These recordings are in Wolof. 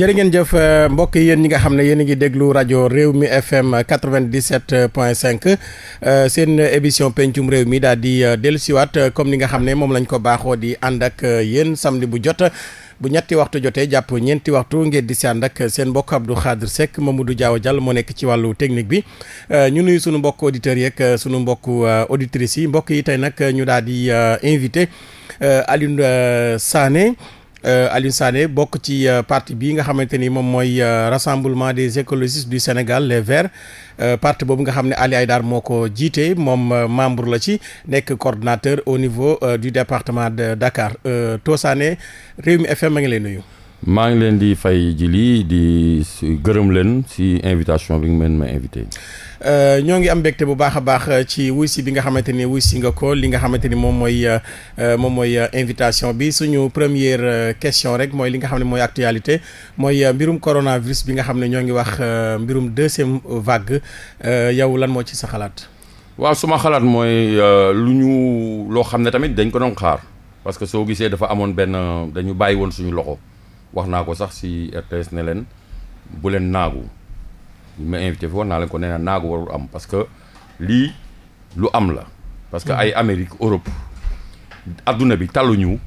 jërë ngeen jëf euh, mbokk yi yéen ñi nga xam ne yéen a ngi déglu rajo réew mi FM quatre vingt dix sept point euh, seen émission pencum réew mi daal di euh, dellusiwaat comme ni nga xam ne moom lañ ko baaxoo di ànd ak yéen samedi bu jot. bu ñetti waxtu jotee jàpp ñeenti waxtu ngeen di si ànd ak seen mbokk Abdou moom Seck Mamadou Diaw Diall moo nekk ci wàllu technique bi ñu nuyu sunu mbokk auditeurs yeeg sunu mbokk auditrices yi mbokk yi tey nag ñu daal di invité Alioune Sané. Euh, Alioune Sané bokk ci euh, parti bi nga xamante ni moom mooy euh, rassemblement des écologistes du Sénégal les Verts boobu nga xam ne Ali Haïdar moo ko jiitee moom membre la ci nekk coordonnateur au niveau du département de Dakar To réew mi FM ma ngi lay nuyu. maa ngi leen di fay ji lii di gërëm leen si invitation bi nga mën ma invité. Euh, ñoo ngi am mbégte bu baax a baax euh, ci wuy si bi nga xamante ni wuy si nga ko li nga xamante ni moom mooy euh, moom mooy invitation bi suñu première question rek mooy li nga xam ne mooy actualité mooy mbirum coronavirus bi nga xam ne ñoo ngi wax mbirum deuxième vague yow lan moo ci sa xalaat. waaw suma xalaat mooy lu ñu loo xam ne tamit dañ ko doon xaar parce que soo gisee dafa amoon benn dañu bàyyi woon suñu loxo wax naa ko sax si RTS ne leen bu leen naagu. ñu ma invité fi naa leen ko nee na naagu warul am parce que lii lu am la parce que ay hmm. Amérique Europe adduna bi tàlluñu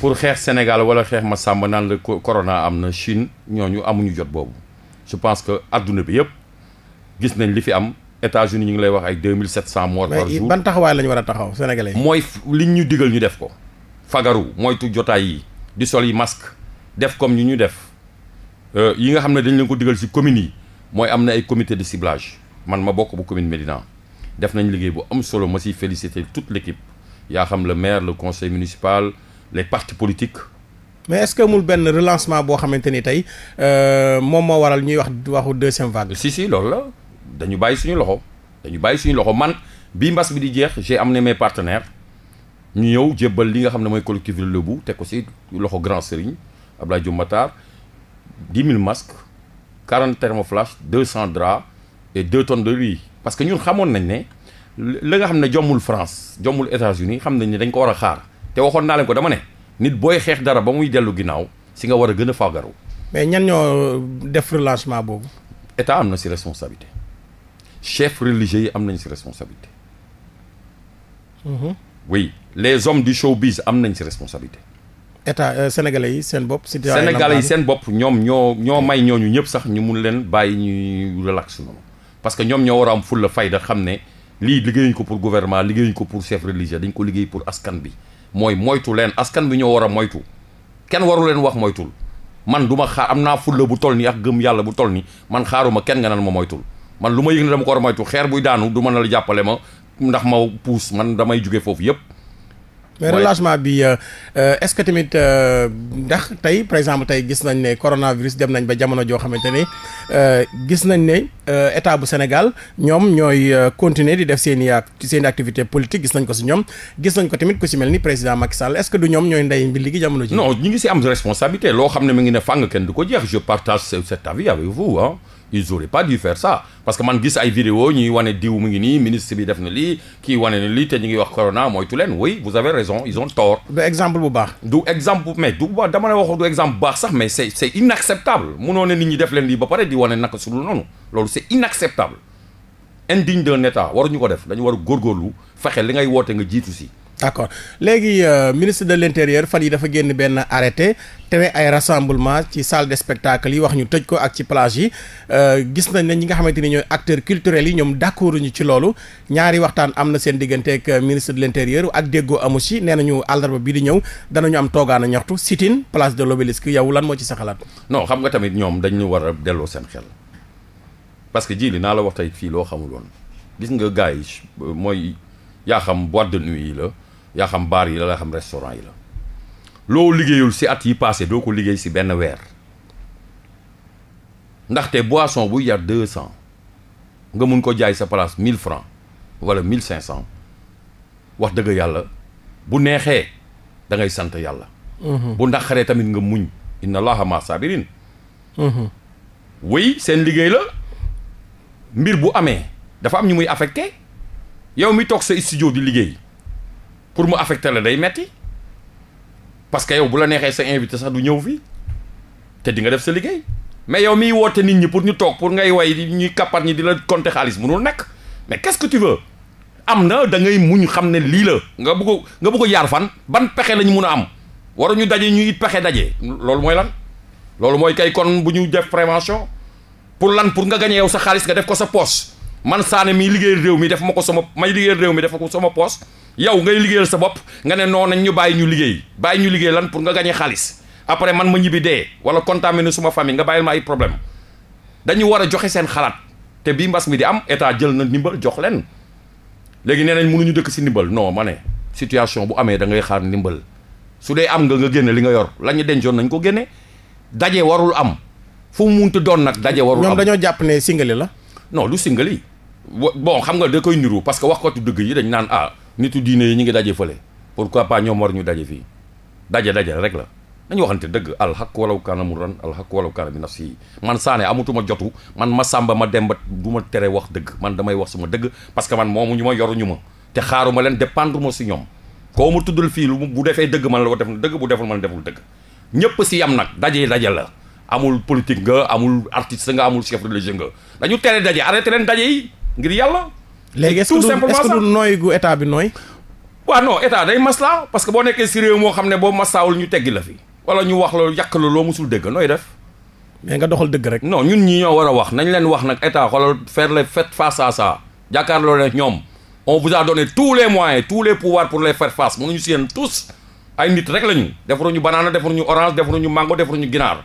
pour xeex Sénégal wala xeex ma sàmb naan la corona am na Chine ñoo ñu amuñu jot boobu je pense que adduna bi yëpp gis nañ li fi am États-Unis ñu ngi lay wax ay deux mille sept cent morts par jour ban war a taxaw sénégalais mooy li ñu digal ñu def ko fagaru moytu jotaay yi di sol yi masque def comme ñu ñu def euh, yi nga xam ne dañ leen ko digal ci communes yi mooy am na ay comité de ciblage man ma bokk bu commune Médina def nañ liggéey bu am solo ma siy féliciter toute l'équipe yaa xam le maire le conseil municipal les partis politiques mais est-ce que mul benn relancement boo xamante ni tey euh, moom moo waral ñuy wax waxu deuxième vague si si loolu la dañu bàyyi suñu loxo dañu bàyyi suñu loxo man bi mbas bi di jeex am amené mais partenaires ñu ñëw jébbal li nga xam ne mooy collectif Lebu teg ko si loxo Grand Serigne Abdoulaye Diouf Matar dix mille 40 thermoflash 200 draps et 2 tonnes de riz parce que ñun xamoon nañ ne li nga xam ne jommul France jommul États-Unis xam nañ ne dañ ko war a xaar te waxoon naa leen ko dama ne nit booy xeex dara ba muy dellu ginnaaw si nga war a gën a faagaru. mais ñan ñoo def relâchement boobu. état am na si responsabilité chef religieux yi am nañ si responsabilité. Mhm. oui les hommes du showbiz am nañ si responsabilité. état euh, sénégalais yi seen bopp. citoyen yi seen bopp ñoom ñoo ñoo may ñooñu ñëpp sax ñu mun leen bàyyi ñuy relax noonu parce que ñoom ñoo war a am fulla fayda xam ne lii liggéeyuñ ko pour gouvernement liggéeyuñ ko pour chef religieux dañ ko liggéey pour askan bi mooy moytu leen askan bi ñoo war a moytu kenn waru leen wax moytul man du ma xaar am naa fulla bu toll nii ak gëm yàlla bu toll nii man xaaruma kenn nga naan ma moytul man lu ma yëg ne dama ko war a xeer buy daanu du mën a jàppale ma ndax ma puus man damay jóge foofu yëpp mais relâchement bi euh, euh, est-ce que tamit euh, ndax tey par exemple tey gis nañ ne coronavirus dem nañ ba jamono joo xamante ne gis nañ ne état bu Sénégal ñoom ñooy continuer di def seen i seen activité politique gis nañ ko si ñoom gis nañ ko tamit ku si mel ni président Macky Sall est du ñoom ñooy ndey mbi ligi jamono ji non ñu ngi si am responsabilité loo xam ne mi ngi ne fàng kenn du ko jeex je partage cet avis avec vous ils auraient pas dû faire ça parce que man gis ay vidéo ñuy wane diw mu ngi nii ministre bi def na lii kii wane na lii te ñu ngi wax corona mooy tu leen oui vous avez raison ils ont tort. du exemple bu baax. du exemple mais du baax dama la wax du exemple bu baax sax mais c'est c'est inacceptable munoo ne nit ñi def leen lii ba pare di wane naka su dul noonu loolu c'est inacceptable indigne d'un état ñu ko def dañu war a lu fexe li ngay woote nga jiitu si. d' accord léegi euh, ministre de l' intérieur fan yi dafa génn benn arrêté tere ay rassemblement ci salle de spectacle yi wax ñu tëj ko ak ci plage yi euh, gis nañ ne ñi nga xamante ni ñooy acteurs culturels yi ñoom d' accord ñu ci loolu ñaari waxtaan am na seen diggante ak euh, ministre de ak déggoo amu nee nañu àllarba bi di ñëw danañu am toogaana ñaxtu sit-in place de l'obélisque yow lan moo ci sa xalaat. non xam nga tamit ñoom dañu war a delloo seen xel parce que ji li naa la wax tey fii loo xamul woon gis nga gars euh, mooy yaa xam boîte de nuit yi la. yaa xam baar yi la yaa xam restaurant yi la loo liggéeyul si at yi passé doo ko liggéey si benn weer ndaxte boisson bu jar deux cent nga mun ko jaay sa place mille francs wala mille cinq cent wax dëgg yàlla bu neexee dangay sant yàlla mhm. bu naqaree tamit nga muñ inna allaha ma sabirin wéy mhm. seen liggéey la mbir bu amee dafa am ñu muy affecté yow mi toog sa studio di liggéey pour mu affecté la day metti parce que yow bu la neexee sa invité sax du ñëw fii te di nga def sa liggéey mais yow mii woote nit ñi pour ñu toog pour ngay way ñuy kappat ñi di la compter xaalis mënul nekk mais qu'est-ce que tu am na dangay ngay muñ xam ne lii la nga bëgg nga bëgg ko yaar fan ban pexe lañu mun a am ñu daje ñuy pexe daje loolu mooy lan loolu mooy kay kon bu ñu def prévention pour lan pour nga gañe yow sa xaalis nga def ko sa poche man Sané mi liggéeyal réew mi def ma ko sama may liggéeyal réew mi def ko sama poos yow ngay liggéeyal sa bopp nga ne noonu nañ ñu bàyyi ñu liggéey bàyyi ñu liggéey lan pour nga gagné xaalis après man ma ñibbi dee wala contaminé suma famille nga bàyyil ma ay problème dañu war a joxe seen xalaat te bii mbas mi di am état jël na ndimbal jox leen léegi nee nañ mënuñu dëkk si ndimbal noo ma ne situation bu amee da xaar ndimbal su dee am nga nga génne li nga yor lañu dencoon nañ ko génne daje warul am fu mu doon nag daje warul am dañoo jàpp ne singali la non singali bon xam nga da koy niru parce que wax ko tu dëgg yi dañ naan ah nitu diine yi ñu ngi daje fële pourquoi pas ñoom war ñu daje fii daje daje rek la dañu waxante dëgg alxaq walaw kaana mu ran alxaq walaw kaana bi nafsi man saane amatuma jotu man ma sàmba ma demba du ma tere wax dëgg man damay wax suma dëgg parce que man moomu ñu ma yoruñu ma te xaaruma leen dépendre ma si ñoom koo mu tuddul fii lu bu defee dëgg man la ko def dëgg bu deful man deful dëgg ñëpp si yam nag daje daje la amul politique nga amul artiste nga amul chef religieux nga dañu tere daje arrêté leen daje yi ngir yàlla. léegi tout simplement est-ce que du nooy gu état bi nooy. waaw non état day maslaa parce que boo nekkee si réew moo xam ne boo maslaawul ñu teggi la fi. wala ñu wax la yàq la loo musul dégg nooy def. mais nga doxal dëgg rek. non ñun ñi ñoo war a wax nañ leen wax nag état xoolal faire les faites face à ça jàkkaarloo ñoom on vous a donné tous les moyens tous les pouvoirs pour les faire face ñu si yéen tous ay nit rek lañu defaruñu banaana defaruñu orange defaruñu mango defaruñu ginaar.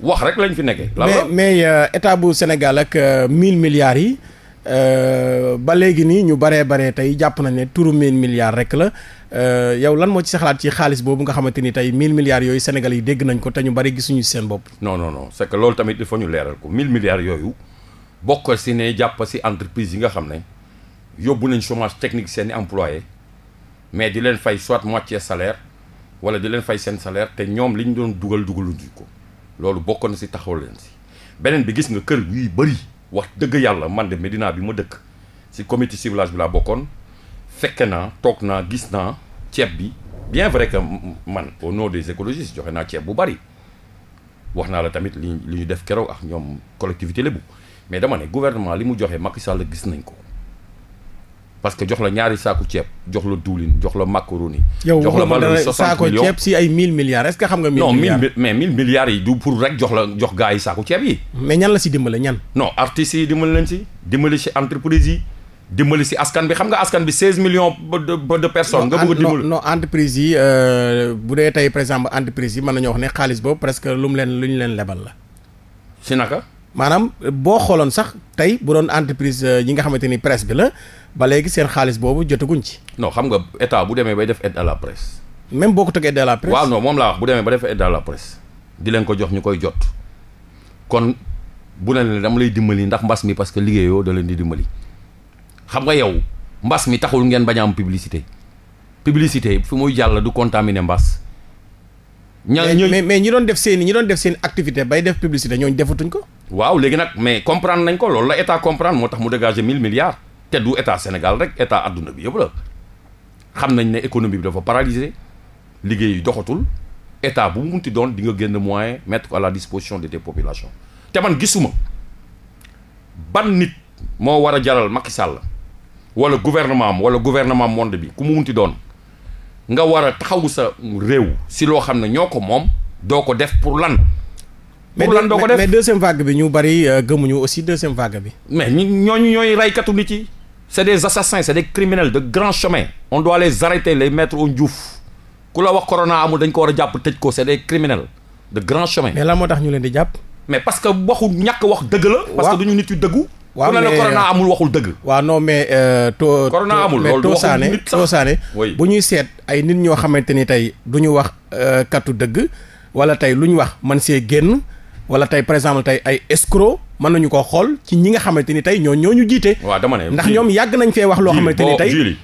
wax rek lañu fi nekk mais mais euh, état bu Sénégal ak 1000 euh, milliards yi. Euh, ba léegi nii ñu baree baree tey jàpp nañ ne turu 1000 milliards rek la euh, yow lan moo ci sa ci xaalis boobu nga xamante ni tey 1000 milliards yooyu Sénégal yi dégg nañ ko te ñu bari gisuñu si seen bopp. non non non c'est que loolu tamit il faut ñu leeral ko 1000 milliards yooyu bokk si ne jàpp si entreprise yi nga xam ne yóbbu nañ chômage technique seen i employés mais di leen fay soit moitié salaire wala di leen fay seen salaire te ñoom li ñu doon dugal dugaluñu ko loolu bokkoon na si taxaw leen si beneen bi gis nga kër yuy bëri. wax dëgg yàlla man de Médina bi ma dëkk si comité si bi laa bokkoon fekke naa toog naa gis naa ceeb bi bien vrai que man au nom des écologistes joxe naa ceeb bu bari wax naa la tamit li li ñu def keroog ak ñoom collectivité lébu mais dama ne gouvernement li mu joxe Macky Sall gis nañ ko parce que jox la ñaari saaku ceeb jox la duulin jox la macaroni. jox la valeur soixante millions saako ceeb si ay mille milliards est-ce que xam nga. mille milliards non mille mais mille milliards yi du pour rek jox la jox gars yi saaku ceeb yi. mais ñan la si dimbale ñan. non artistes yi dimbali leen si dimbali si entreprise yi. dimbali si askan bi xam nga askan bi seize millions de de personnes. entreprise yi euh, bu dee tey par exemple entreprise yi mën nañoo wax ne xaalis boobu presque lu mu leen lu ñu leen lebal la. si naka. maanaam boo xooloon sax tey bu doon entreprise euh, yi nga xamante ni presse bi la ba léegi seen xaalis boobu jotaguñ ci. non xam nga état bu demee bay def aide à la presse. même boo ko teg aide à la presse. waaw non moom laa wax bu demee ba def aide à la presse. di leen ko jox ñu koy jot kon bu ne leen dama lay dimbali ndax mbas mi parce que liggéeyoo da leen di dimbali xam nga yow mbas mi taxul ngeen bañ a am publicité publicité fi muy jàll du contaminer mbas. ña mais mais ñi doon def seen i ñi doon def seen activité bay def publicité ñooñu defatuñ ko. waaw léegi nag mais comprendre nañ ko loolu la état comprendre moo tax mu dégager mille milliards te du état Sénégal rek état adduna bi yëpp la xam nañ ne économie bi dafa paralysé liggéey yi doxatul état bu mu munti doon di nga génn moyen mettre ko à la disposition de tes populations te man gisuma ban nit moo war a jaral Macky Sall wala gouvernement wala gouvernement monde bi ku mu munti doon nga war a taxawu sa réew si loo xam ne ñoo ko moom doo ko def pour lan mais lan doo ko def mais deuxième vague bi ñu bari euh, gëmuñu aussi deuxième vague bi. mais ñi ñooñu ñooy reykatu nit yi. c' est des assassins c' est de grand chemin. on doit les arrêter les mettre au njuf ku la wax corona amul dañ ko war a jàpp tëj ko c' est des criminels de grand chemin. mais lan moo tax ñu leen di jàpp. mais parce que waxu ñàkk wax dëgg la. parce que duñu nit yu dëggu. ku ne la corona euh, amul waxul dëgg. waa non mais. Euh, too corona amul loolu waxul nit sax toosaane toosaane bu ñuy seet ay nit ñoo xamante ni tey du ñu wax kàttu dëgg wala tey lu ñu wax man see génn. wala tey par exemple tey ay escroc mën nañu ko xool ci ñi nga xamante ni tey ñoo ñoo ñu jiite. waa dama ne ndax ñoom yàgg nañ fee wax loo xamante ni tey jili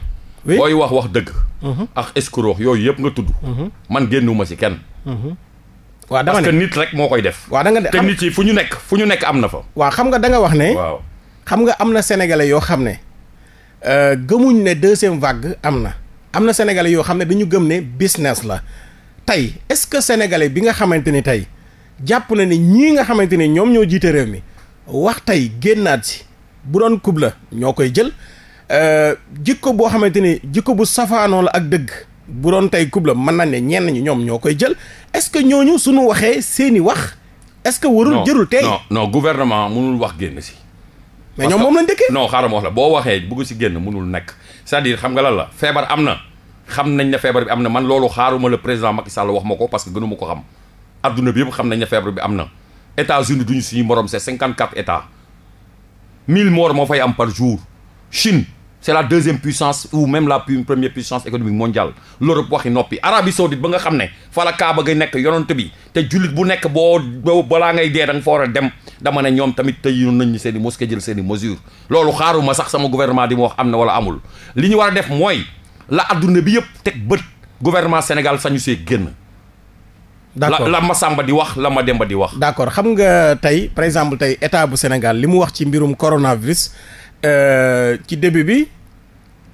booy wax wax dëgg. Mhm. ak escroc yooyu yëpp nga tudd. Mhm. man génnuma si kenn. Mhm. waaw dama ne rek moo koy def. waaw da nga ne te nit yi fu ñu nekk fu ñu nekk am na fa. waaw xam nga danga wax ne. xam nga am na sénégalais yoo xam ne euh, gëmuñ ne deuxième vague am na. am na sénégalais yoo xam ne dañu gëm ne business la tey est-ce que sénégalais bi nga xamante ni tey. jàpp na ni ñii nga xamante ne ñoom ñoo jiite réew mi wax tey génnaat si bu doon kub la ñoo koy jël euh, jikko boo xamante ne jikko bu safaanoo la ak dëgg bu doon tey kub la mën na ne ñenn ñu ñoom ñoo koy jël est-ce que ñooñu suñu waxee seeni wax est-ce que warul jërul tey non non gouvernement mënul wax génn si mais ñoom moom lañ dëkkee non xaaral ma wax la boo waxee bëgg si génn mënul nekk c'est-à-dire xam nga lan la feebar am na xam nañ ne feebar bi am na man loolu xaaruma le président Macky Sall wax ma ko parce que gënu ma ko xam adduna bi yëpp xam nañ ne feebar bi am na États-Unis duñu suñu morom se cinquante quatre états mille morts moo fay am par jour Chine c'est la deuxième puissance ou même la première puissance économique mondiale l'Europe waxi noppi Arabie Saoudite ba nga xam ne fa la Kaaba ga nekk yonent bi te jullit bu nekk boo balaa ngay dee da nga a dem dama ne ñoom tamit tey yoon nañ ñu seen i mosquée jël seen i mesure loolu xaaruma sax sama gouvernement di mu wax am na wala amul li ñu war a def mooy la adduna bi yëpp teg bët gouvernement Sénégal sañu see génn d'accord la ma sàmba di wax la ma demba di wax. d'accord xam nga tey par exemple tey état bu Sénégal li mu wax ci mbirum coronavirus euh, ci début bi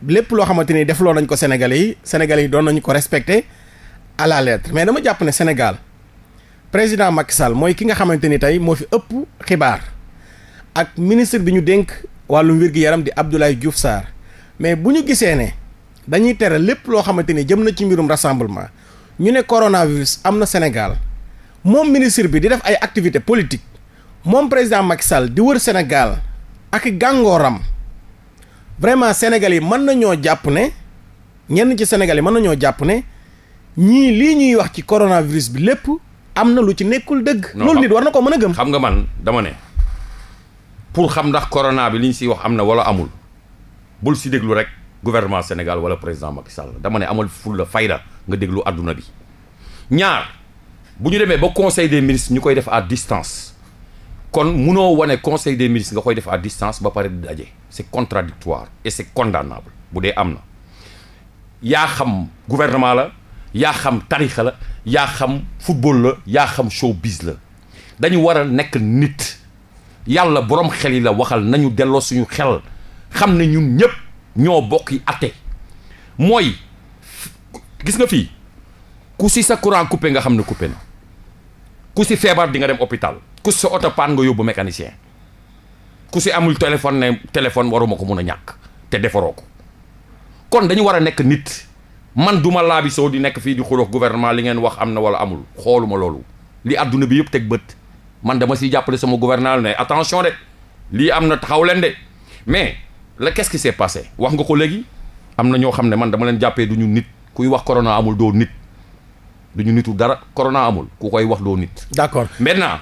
lépp loo xamante ni defloo nañ ko Sénégalais yi Sénégalais yi doon nañu ko respecté à la lettre mais dama jàpp ne Sénégal président Macky Sall mooy ki nga xamante ni tey moo fi ëpp xibaar ak ministre bi ñu dénk wàllum wér gi yaram di Abdoulaye Diouf Sarr mais bu ñu gisee ne dañuy tere lépp loo xamante ni jëm na ci mbirum rassemblement. ñu ne coronavirus am na Sénégal moom ministre bi di def ay activité politique moom président Macky Sall di wër Sénégal ak gàngooram vraiment Sénégal yi mën nañoo jàpp ne ñenn ci Sénégal yi mën nañoo jàpp ne ñii lii ñuy wax ci coronavirus bi lépp am na lu ci nekkul dëgg. loolu nit war na ko mën a gëm. xam nga man dama ne pour xam ndax corona bi li ñu siy wax am na wala amul bul si déglu rek gouvernement Sénégal wala président Macky Sall dama amul ful la nga déglu àdduna bi ñaar bu ñu demee ba conseil des ministres ñu koy def à distance kon munoo wane conseil des ministres nga koy def à distance ba pare di daje c'est contradictoire et c'est condamnable bu dee am na yaa xam gouvernement la yaa xam tarixa la yaa xam football la yaa xam showbiz la dañu war a nekk nit yàlla borom xel yi la waxal nañu delloo suñu xel xam ne ñun ñëpp ñoo bokk yi atte mooy gis nga fii ku si sa courant coupé nga xam ne coupé na ku si feebar di nga dem hôpital ku si sa oto paan nga yóbbu mécanicien ku si amul téléphone ne téléphone waruma ko mun a ñàkk te defaroo ko kon dañu war a nekk nit man duma laabi soo di nekk fii di xuloo gouvernement li ngeen wax am na wala amul xooluma loolu li adduna bi yëpp teg bët man dama siy jàppale sama gouvernement na attention de lii am na taxaw leen de mais la qu'est-ce qui s'est passé wax nga ko léegi am na ñoo xam ne man dama leen jàppee du ñu nit kuy wax corona amul doo nit du ñu nitu dara corona amul ku koy wax doo nit. d'accord maintenant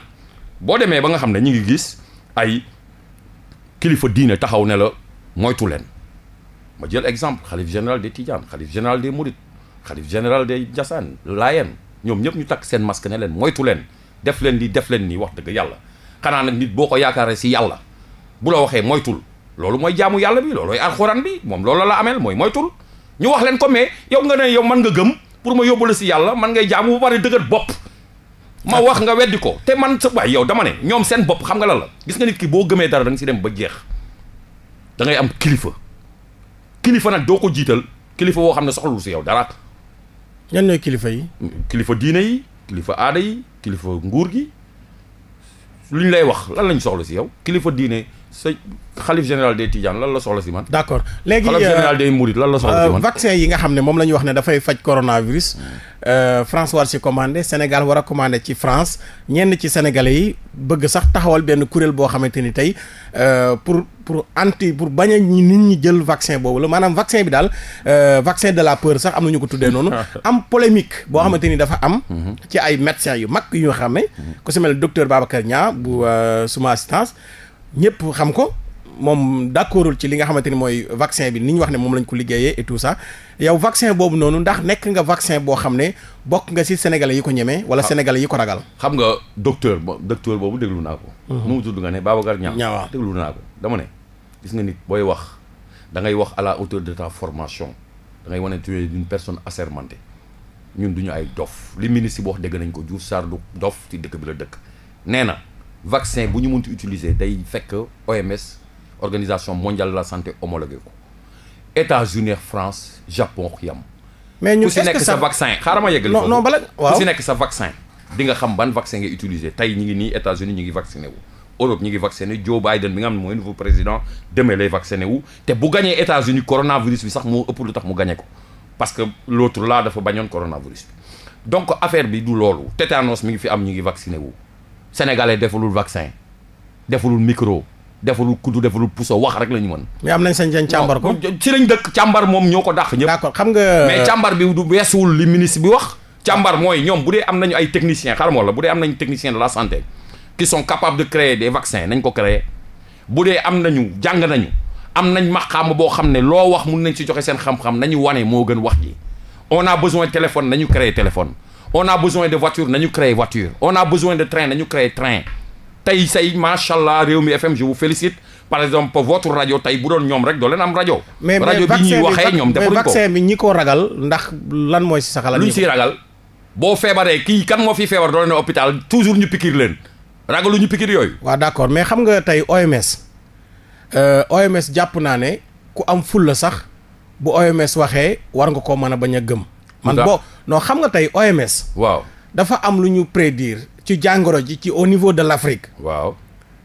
boo demee ba nga xam ne ñu ngi gis ay kilifa diine taxaw ne la moytu leen ma jël exemple xalif général des Tidiane xalif général des Mourides xalif général des Ndiassane Laayeen ñoom ñëpp ñu takk seen masque ne leen moytu leen def leen di def leen nii wax dëgg yàlla xanaa nag nit boo ko yaakaaree si yàlla bu la waxee moytul loolu mooy jaamu yàlla bi loolooy alxuraan bi moom loolu la ameel mooy moytul. ñu wax leen ko mais yow nga ne yow man nga gëm pour ma yóbbu la si yàlla man ngay jaamu ba pare dëgër bopp ma wax nga weddi ko te man sa waay yow dama ne ñoom seen bopp xam nga lan la gis nga nit ki boo gëmee dara da si dem ba jeex da ngay am kilifa kilifa nag doo ko jiital kilifa woo xam ne soxlawul si yow dara. ñan kilifa yi. kilifa diine yi kilifa aada yi kilifa nguur gi lu ñu lay wax lan lañ soxla si yow kilifa diine. sa xalif général de Tidiane lan la soxla si man. d' accord léegi xalif euh, général des Mourides lan la soxla si vaccin yi nga xam ne moom la ñu wax ne dafay faj coronavirus. France war si commandé Sénégal war a commandé ci France ñenn ci sénégalais yi bëgg sax taxawal benn kuréel boo xamante ni tey euh, pour pour anti pour bañ a nit ñi jël vaccin boobu la maanaam vaccin bi daal euh, vaccin de la peur sax am na ñu ko tuddee noonu. am polémique boo hmm. xamante ni dafa am. Hmm. ci ay médecins yu mag yu xam hmm. ne. ku si mel ne docteur bu suma assistance. ñëpp xam ko moom d'accordul ci li nga xamante ni mooy vaccin bi ni ñu wax ne moom lañ ko liggéeyee et tout ça yow vaccin boobu noonu ndax nekk nga vaccin boo xam ne bokk nga si sénégalais yi ko ñemee wala ah. sénégalais yi ko ragal xam nga docteur docteur boobu déglu naa ko mhm. moom tudd nga ne Babacar Niang ñaaw déglu naa ko dama ne gis nga nit booy wax dangay wax à la de ta formation da ngay wane tu es une personne assermentée ñun du ñu ay dof li ministre bi wax nañ ko Diouf Sarr du dof ci dëkk bi la dëkk nee na vaccin bu ñu mënti utiliser day fekk OMS organisation mondiale de la santé homologué ko États-Unis France Japon yam mais ñu ku si nekk sa vaccin xaaral ma yeggali. non non bala si nekk sa vaccin. di nga xam ban vaccin ngay utiliser tey ñu ngi nii États-Unis ñu ngi vacciné wu. Europe ñu ngi vacciné Joe Biden bi nga xam ne mooy nouveau président demee lay vacciné wu te bu gañee États-Unis coronavirus bi sax moo ëpp lu tax mu gañe ko parce que l'autre là dafa bañoon coronavirus bi donc affaire bi du loolu tétanos mi ngi fi am ñu ngi vacciné wu. sénégalais defalul vaccin defalul micro defalul kuddu defalul puso wax rek la ñu mën. mais am nañ sañ sañ càmbar ko ci lañ dëkk càmbar moom ñoo ko dàq ñëpp. d'accord xam nga. mais càmbar bi du weesuwul li ministre bi wax. càmbar mooy ñoom bu dee am nañu ay technicien xaramo la bu dee am nañu technicien de la santé qui sont capables de créer des vaccins nañ ko créer bu dee am nañu jàng nañu am nañ maqaama boo xam ne loo wax mun nañ ci joxe seen xam-xam nañu wane moo gën wax ji on a besoin téléphone nañu créer téléphone on a besoin de voiture nañu créer voiture on a besoin de train nañu créer train tey say macha réew Rewmi FM je vous félicite par exemple votre rajo tey bu doon ñoom rek doo leen am rajo. mais rajo bi ñuy waxee ñoom defaluñ ko mais vaccin bi ñi ko ragal ndax lan mooy si sa lu ñu si ragal boo feebaree kii kan moo fi feebar doo leen hôpital toujours ñu pikiir leen ragalu ñu pikiir yooyu. waa d'accord mais xam nga tey OMS euh, OMS jàpp naa ne ku am ful sax bu OMS waxee war nga koo mën a bañ a gëm. man boo non xam nga tey OMS. waaw dafa am lu ñu prédire ci jàngoro ji ci au niveau de l' Afrique. waaw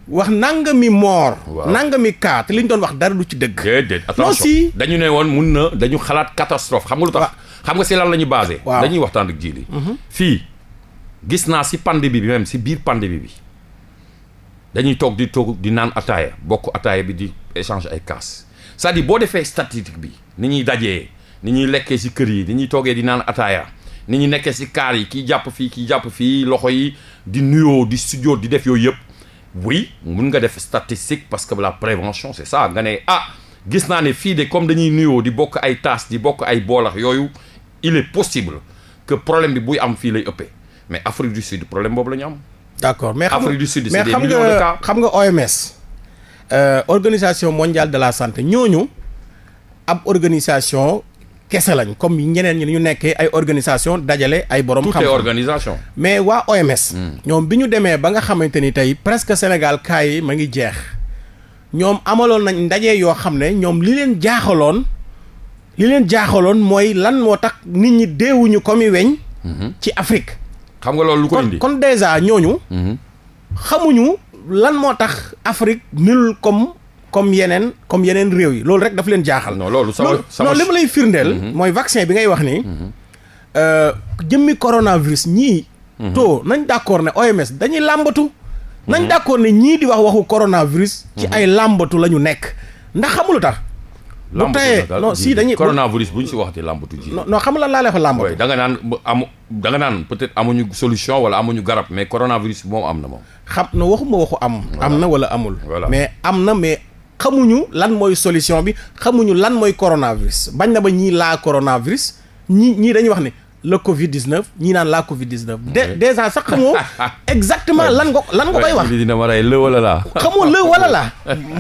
wax nanga mi moor. waaw nanga mi kaat li ñu doon wax dara du ci dëgg. déedéet attention dañu ne woon mun na dañu xalaat catastrophe xam nga lu tax. xam nga si lan la ñu basé. waaw dañuy waxtaan ak jiili. Mhm. fii gis naa si pandémie bi même si biir pandémie bi dañuy toog di toog di naan ataaya bokk ataaya bi di échange ay kaas cest à boo defee statistique bi ni ñuy dajee. ni ñuy lekkee si kër yi ni ñuy toogee di naan ataaya ni ñuy nekkee si kaar yi kii jàpp fii ki jàpp fii loxo yi di nuyoo di studio di def yooyu yëpp oui mun nga def statistique parce que la prévention c'est ça nga ne ah gis naa ne fii de comme dañuy nuyoo di bokk ay taas di bokk ay boolax yooyu il est possible que problème bi buy am fii lay ëppee mais Afrique du Sud problème boobu lañu ñu am. d'accord mais Afrique du Sud c'est des millions de cas xam nga OMS. Euh, organisation mondiale de la santé ñooñu ab organisation kese lañ comme ñeneen ñi ñu nekkee ay organisation dajale ay borom. xam organisation. mais waa OMS. Hmm. ñoom bi ñu demee ba nga xamante ni tey presque Sénégal cas yi ma ngi jeex ñoom amaloon nañ ndaje yoo xam ne ñoom li leen jaaxaloon li leen jaaxaloon mooy lan moo tax nit ñi deewuñu comme i weñ. Hmm. ci Afrique. xam nga loolu lu ko indi kon kon dèjà ñooñu. Hmm. xamuñu lan moo tax Afrique nul comme. comme yeneen comme yeneen réew yi loolu rek daf leen jaaxal. non loolu sama sama non li lay firndeel. Mhm. mooy vaccin bi ngay wax ni. Mhm. Euh, jëmmi coronavirus ñii. Mhm. too nañ d' accord ne OMS dañuy làmbatu. nañ d' accord ne ñii di wax waxu coronavirus. ci ay làmbatu la ñu nekk ndax xamulu tax. bu tayee non si dañuy coronavirus bu ñu si waxati làmbatu ji. non non xam nga lan laa lay fa làmbatu. da nga naan amu da nga peut-être amuñu solution wala amuñu garab mais coronavirus moom am na moom. xam na waxuma waxu am. am na wala amul. mais am xamuñu lan mooy solution bi xamuñu lan mooy coronavirus bañ na ba ñii laa coronavirus ñii ñii dañuy wax ne le Covid 19 ñii naan la Covid 19. de dèjà sax xamoo exactement lan nga lan nga koy wax. dina ma wala laa. xamoo lë wala laa.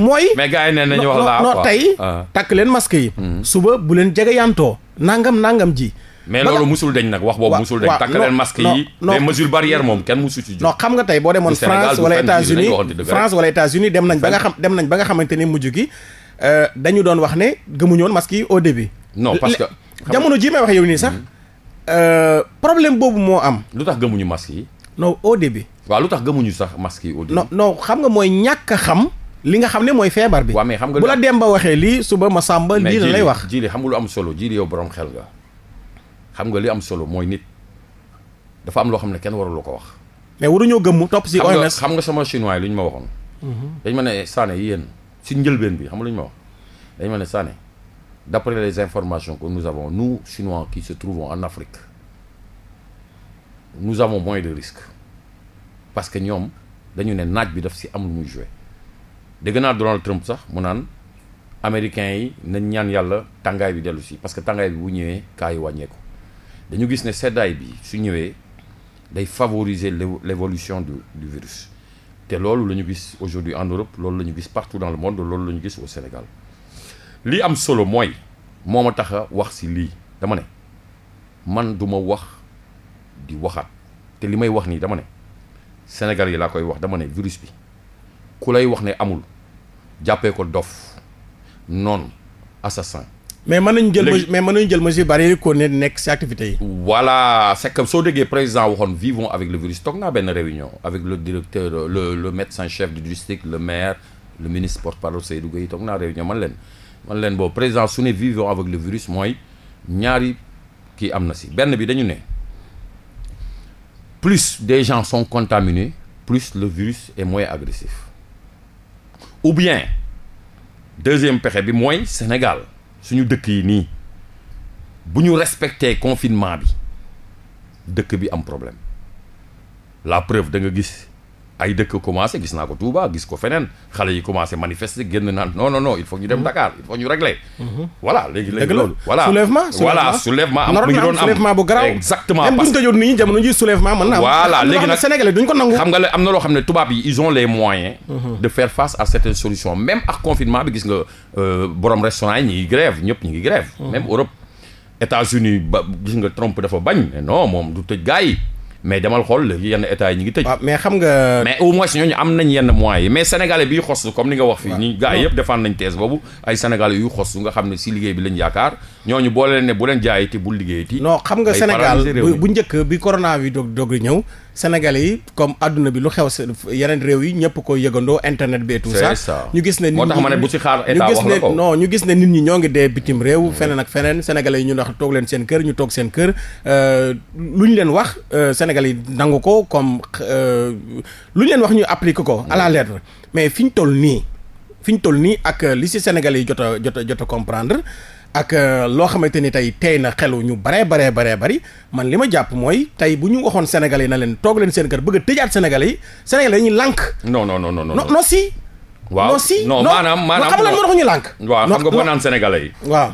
mooy. mais gars yi nee nañu wax laa quoi non tey. Ah. takk leen masque yi. Hmm. suba bu leen jege yantoo nangam nangam ji. mais loolu musul dañ nag wax boobu musul dañ takk leen masque yi mais mesure barrière moom kenn musu ci non xam nga tey boo demoon France wala États-Unis France wala États-Unis dem euh, dañu doon wax ne gëmuñoon masque yi au début non parce jii may wax yow nii sax mhm. euh, problème boobu moo am lu tax gëmuñu masque yi non au début waaw lu tax gëmuñu sax masque yi au début non xam nga mooy ñàkk xam li nga xam ne mooy feebar bi waaw mais xam nga bu la dem ba waxee lii suba ma sàmba lii la lay wax jii li xam nga lu am solo ji li yow borom xel nga xam nga li am solo mooy nit dafa am loo xam ne kenn warulu ko wax. mais waruñoo gëm mu topp si OMS xam nga sama chinois yi lu ñu ma waxoon. Mhm. dañ ma ne Sané yéen si njëlbeen bi xam nga lu ñu ma wax dañ ma ne Sané d'après les informations que nous avons nous chinois qui se trouvons en Afrique nous avons moins de risques parce que ñoom dañu ne naaj bi daf si am lu muy joué dégg naa Donald Trump sax mu naan américains yi nañ ñaan yàlla tàngaay bi dellu si parce que tàngaay bi bu ñëwee kaa yi wàññeeku. dañu gis ne seddaay bi su ñëwee day favoriser l'évolution du du virus te loolu la ñu gis aujourd'hui en Europe loolu la ñu gis partout dans le monde loolu la ñu gis au Sénégal li am solo mooy moo ma tax a wax si lii dama ne man du ma wax di waxaat te li may wax nii dama ne Sénégal yi laa koy wax dama ne virus bi ku lay wax ne amul jàppee ko dof noonu assassin mais mën nañu jël mais mën nañu jël mesure barrière ko ne nekk ci activité yi. voilà c'est comme soo déggee président waxoon vivons avec le virus toog naa benn réunion avec le directeur le le médecin chef du district le maire le ministre porte-parole Seydou Gueye toog naa réunion man leen man leen boobu présent su ne vivons avec le virus mooy ñaari kii am na si benn bi dañu ne plus des gens sont contaminés plus le virus est moins agressif ou bien deuxième pexe bi mooy Sénégal. suñu dëkk yi nii bu ñu respecté confinement bi dëkk bi am problème la preuve da nga gis ay dëkk commencé gis naa ko Touba gis ko feneen xale yi commencé manifester génn naan non non non il faut ñu dem mhm. Dakar il faut ñu régler. Mhm. voilà léegi léegi loolu. voilà soulèvement voilà soulèvement am mu ngi doon soulèvement bu garaaw. exactement parce que même bu ñu tëjoon nii jamono ji soulèvement mën na am. voilà léegi nag Sénégalais duñ ko nangu. xam nga am na loo xam ne tubaab yi ils ont les moyens. Mhm. de faire face à certaines solutions même ak confinement bi gis nga euh, borom restaurant yi ñu ngi ñëpp ñu ngi grève. même Europe États-Unis ba gis nga Trump dafa bañ. non moom du tëj yi mais demal xool léegi yenn état yi ñu ngi tëj. Ah, mais xam nga. mais au moins ñooñu am nañ yenn moyens yi mais sénégalais biy xos comme ni nga wax fii. waaw ñu gars yëpp defaan nañ thèse boobu. ay sénégalais yuy xos nga xam ne si liggéey bi lañ yaakaar ñooñu boole leen ne bu leen jaayati bul liggéeyati. ay no xam nga Sénégal bu njëkk bi corona bi doog doog ñëw Sénégalais yi comme àdduna bi lu xew yeneen réew yi ñëpp ko yëgandoo internet bi et tout ça ñu gis ne nit ñi non ñu gis ne nit ñi ñoo ngi dee bitim réew mm-hmm. feneen ak feneen Sénégalais yi ñu wax toog leen seen kër ñu toog seen kër euh, lu ñu leen wax euh, sénégal yi nangu ko comme euh, lu ñu leen wax ñu applique ko à la mm-hmm. mais fi ñu toll nii fi ñu toll nii ak li si Sénégalais yi jot a jot jot comprendre ak euh, loo xamante ni tey tey na xelu ñu baree baree baree bari man li ma jàpp mooy tey bu ñu waxoon sénégalais yi na leen toog leen seen kër bëgg a tëjaat sénégalais yi sénégalais yi ñu lànk. non non non non non non si. waaw non si maanaam ñu lànk. waaw xam nga naan sénégalais yi. waaw.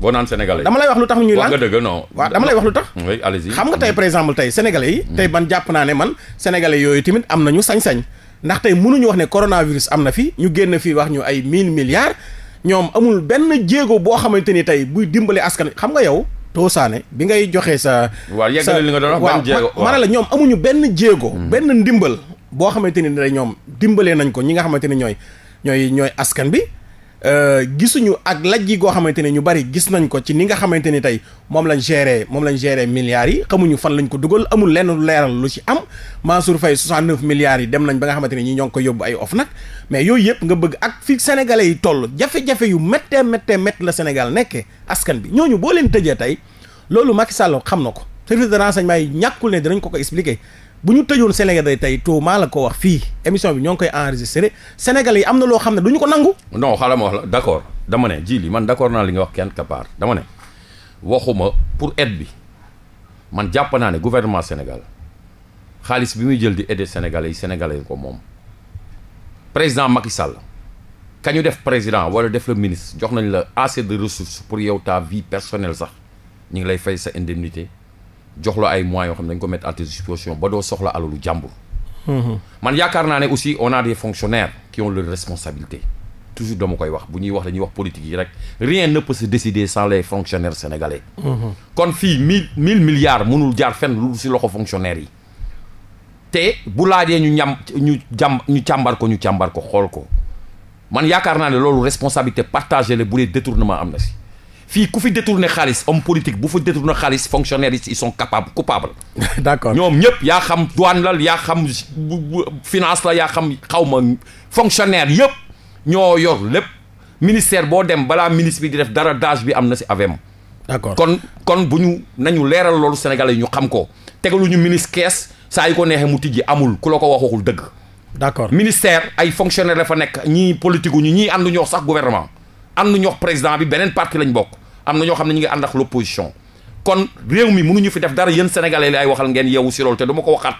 boo naan sénégalais dama lay wax lu tax ñuy lànk wax nga dëgg non waaw dama lay wax lu tax oui allez-y xam nga tey par exemple tey sénégalais yi mm. tey man jàpp naa ne man sénégalais yooyu tamit am na ñu sañ-sañ ndax tey mënuñu wax ne coronavirus am na fi ñu génn fii wax ñu ay mill milliards ñoom amul benn jéego boo xamante ni tey buy dimbale askan xam nga yow toosaane bi ngay joxee sa. waaw yeggali li nga doon wax ban jéego waaw la ñoom amuñu benn jéego. Mm-hmm. benn ndimbal boo xamante ni tey ñoom dimbalee nañ ko ñi nga xamante ni ñooy ñooy ñooy askan bi. Euh, gisuñu ak lajj koo xamante ne ñu bari gis nañ ko ci ni nga xamante ni tey moom lañ géré moom lañ géré milliards yi xamuñu fan lañ ko dugal amul lenn leeral lu ci am Mansour Faye 69 milliards yi dem nañ ba nga xamante ne ñi ñoo ngi ko yóbbu ay of mais yooyu yëpp nga bëgg ak fi sénégalais yi toll jafe yu méttee méttee métti la Sénégal nekkee askan bi ñooñu boo leen tëjee tey loolu Macky Sall xam na ko service de renseignement yi ñàkkul ne dinañ ko ko expliquer bu ñu tëjoon Sénégal tey tôt maa la ko wax fii émission bi ñoo ngi koy enregistré Sénégalais yi am na loo xam ne du ñu ko nangu. non xaaral ma wax la d' accord dama ne ji li man d' accord naa li nga wax kenn kapaar dama ne waxuma pour aide bi man jàpp naa ne gouvernement Sénégal xaalis bi muy jël di aider Sénégalais yi Sénégalais yi ko moom président Macky Sall. ka ñu def président wala def la ministre jox nañ la assez de ressources pour yow ta vie personnel sax ñu ngi lay fay sa indemnité jox la ay moyens yoo xam ne dañ ko mettre à tes dispositions ba doo soxla alalu jàmbur. Mhm. man yaakaar naa ne aussi on a des fonctionnaires qui ont leur responsabilité toujours dama koy wax bu ñuy wax dañuy wax politique yi rek rien ne peut se décider sans les fonctionnaires sénégalais. Mhm. kon fii mille mille milliards mënul jaar fen lu si loxo fonctionnaires yi. te bu laajee ñu ñam ñu jàmb ñu càmbar ko ñu càmbar ko xool ko man yaakaar naa ne loolu responsabilité partagée la bu dee détournement am na si. fii ku fi détourné xaalis homme politique bu fi détourné xaalis fonctionnaires yi son sont capables coupables. d'accord ñoom ñëpp yaa xam douane la yaa xam finance la yaa xam xaw ma fonctionnaire yëpp ñoo yor lépp ministère boo dem balaa ministre bi di def dara dage bi am na si avem d'accord kon kon bu ñu nañu leeral loolu Sénégalais yi ñu xam ko ñu ministre kees saa yu ko neexee mu tijji amul ku la ko wax waxul dëgg. d'accord ministère ay fonctionnaire la fa nekk ñii politique ñu ñii ànduñu sax gouvernement ànduñu wax président bi beneen parti lañ bokk. am na ñoo xam ne ñu ngi ànd ak l'opposition kon réew mi munuñu fi def dara yéen sénégalais ay waxal ngeen yeewu si loolu te dama ko waxaat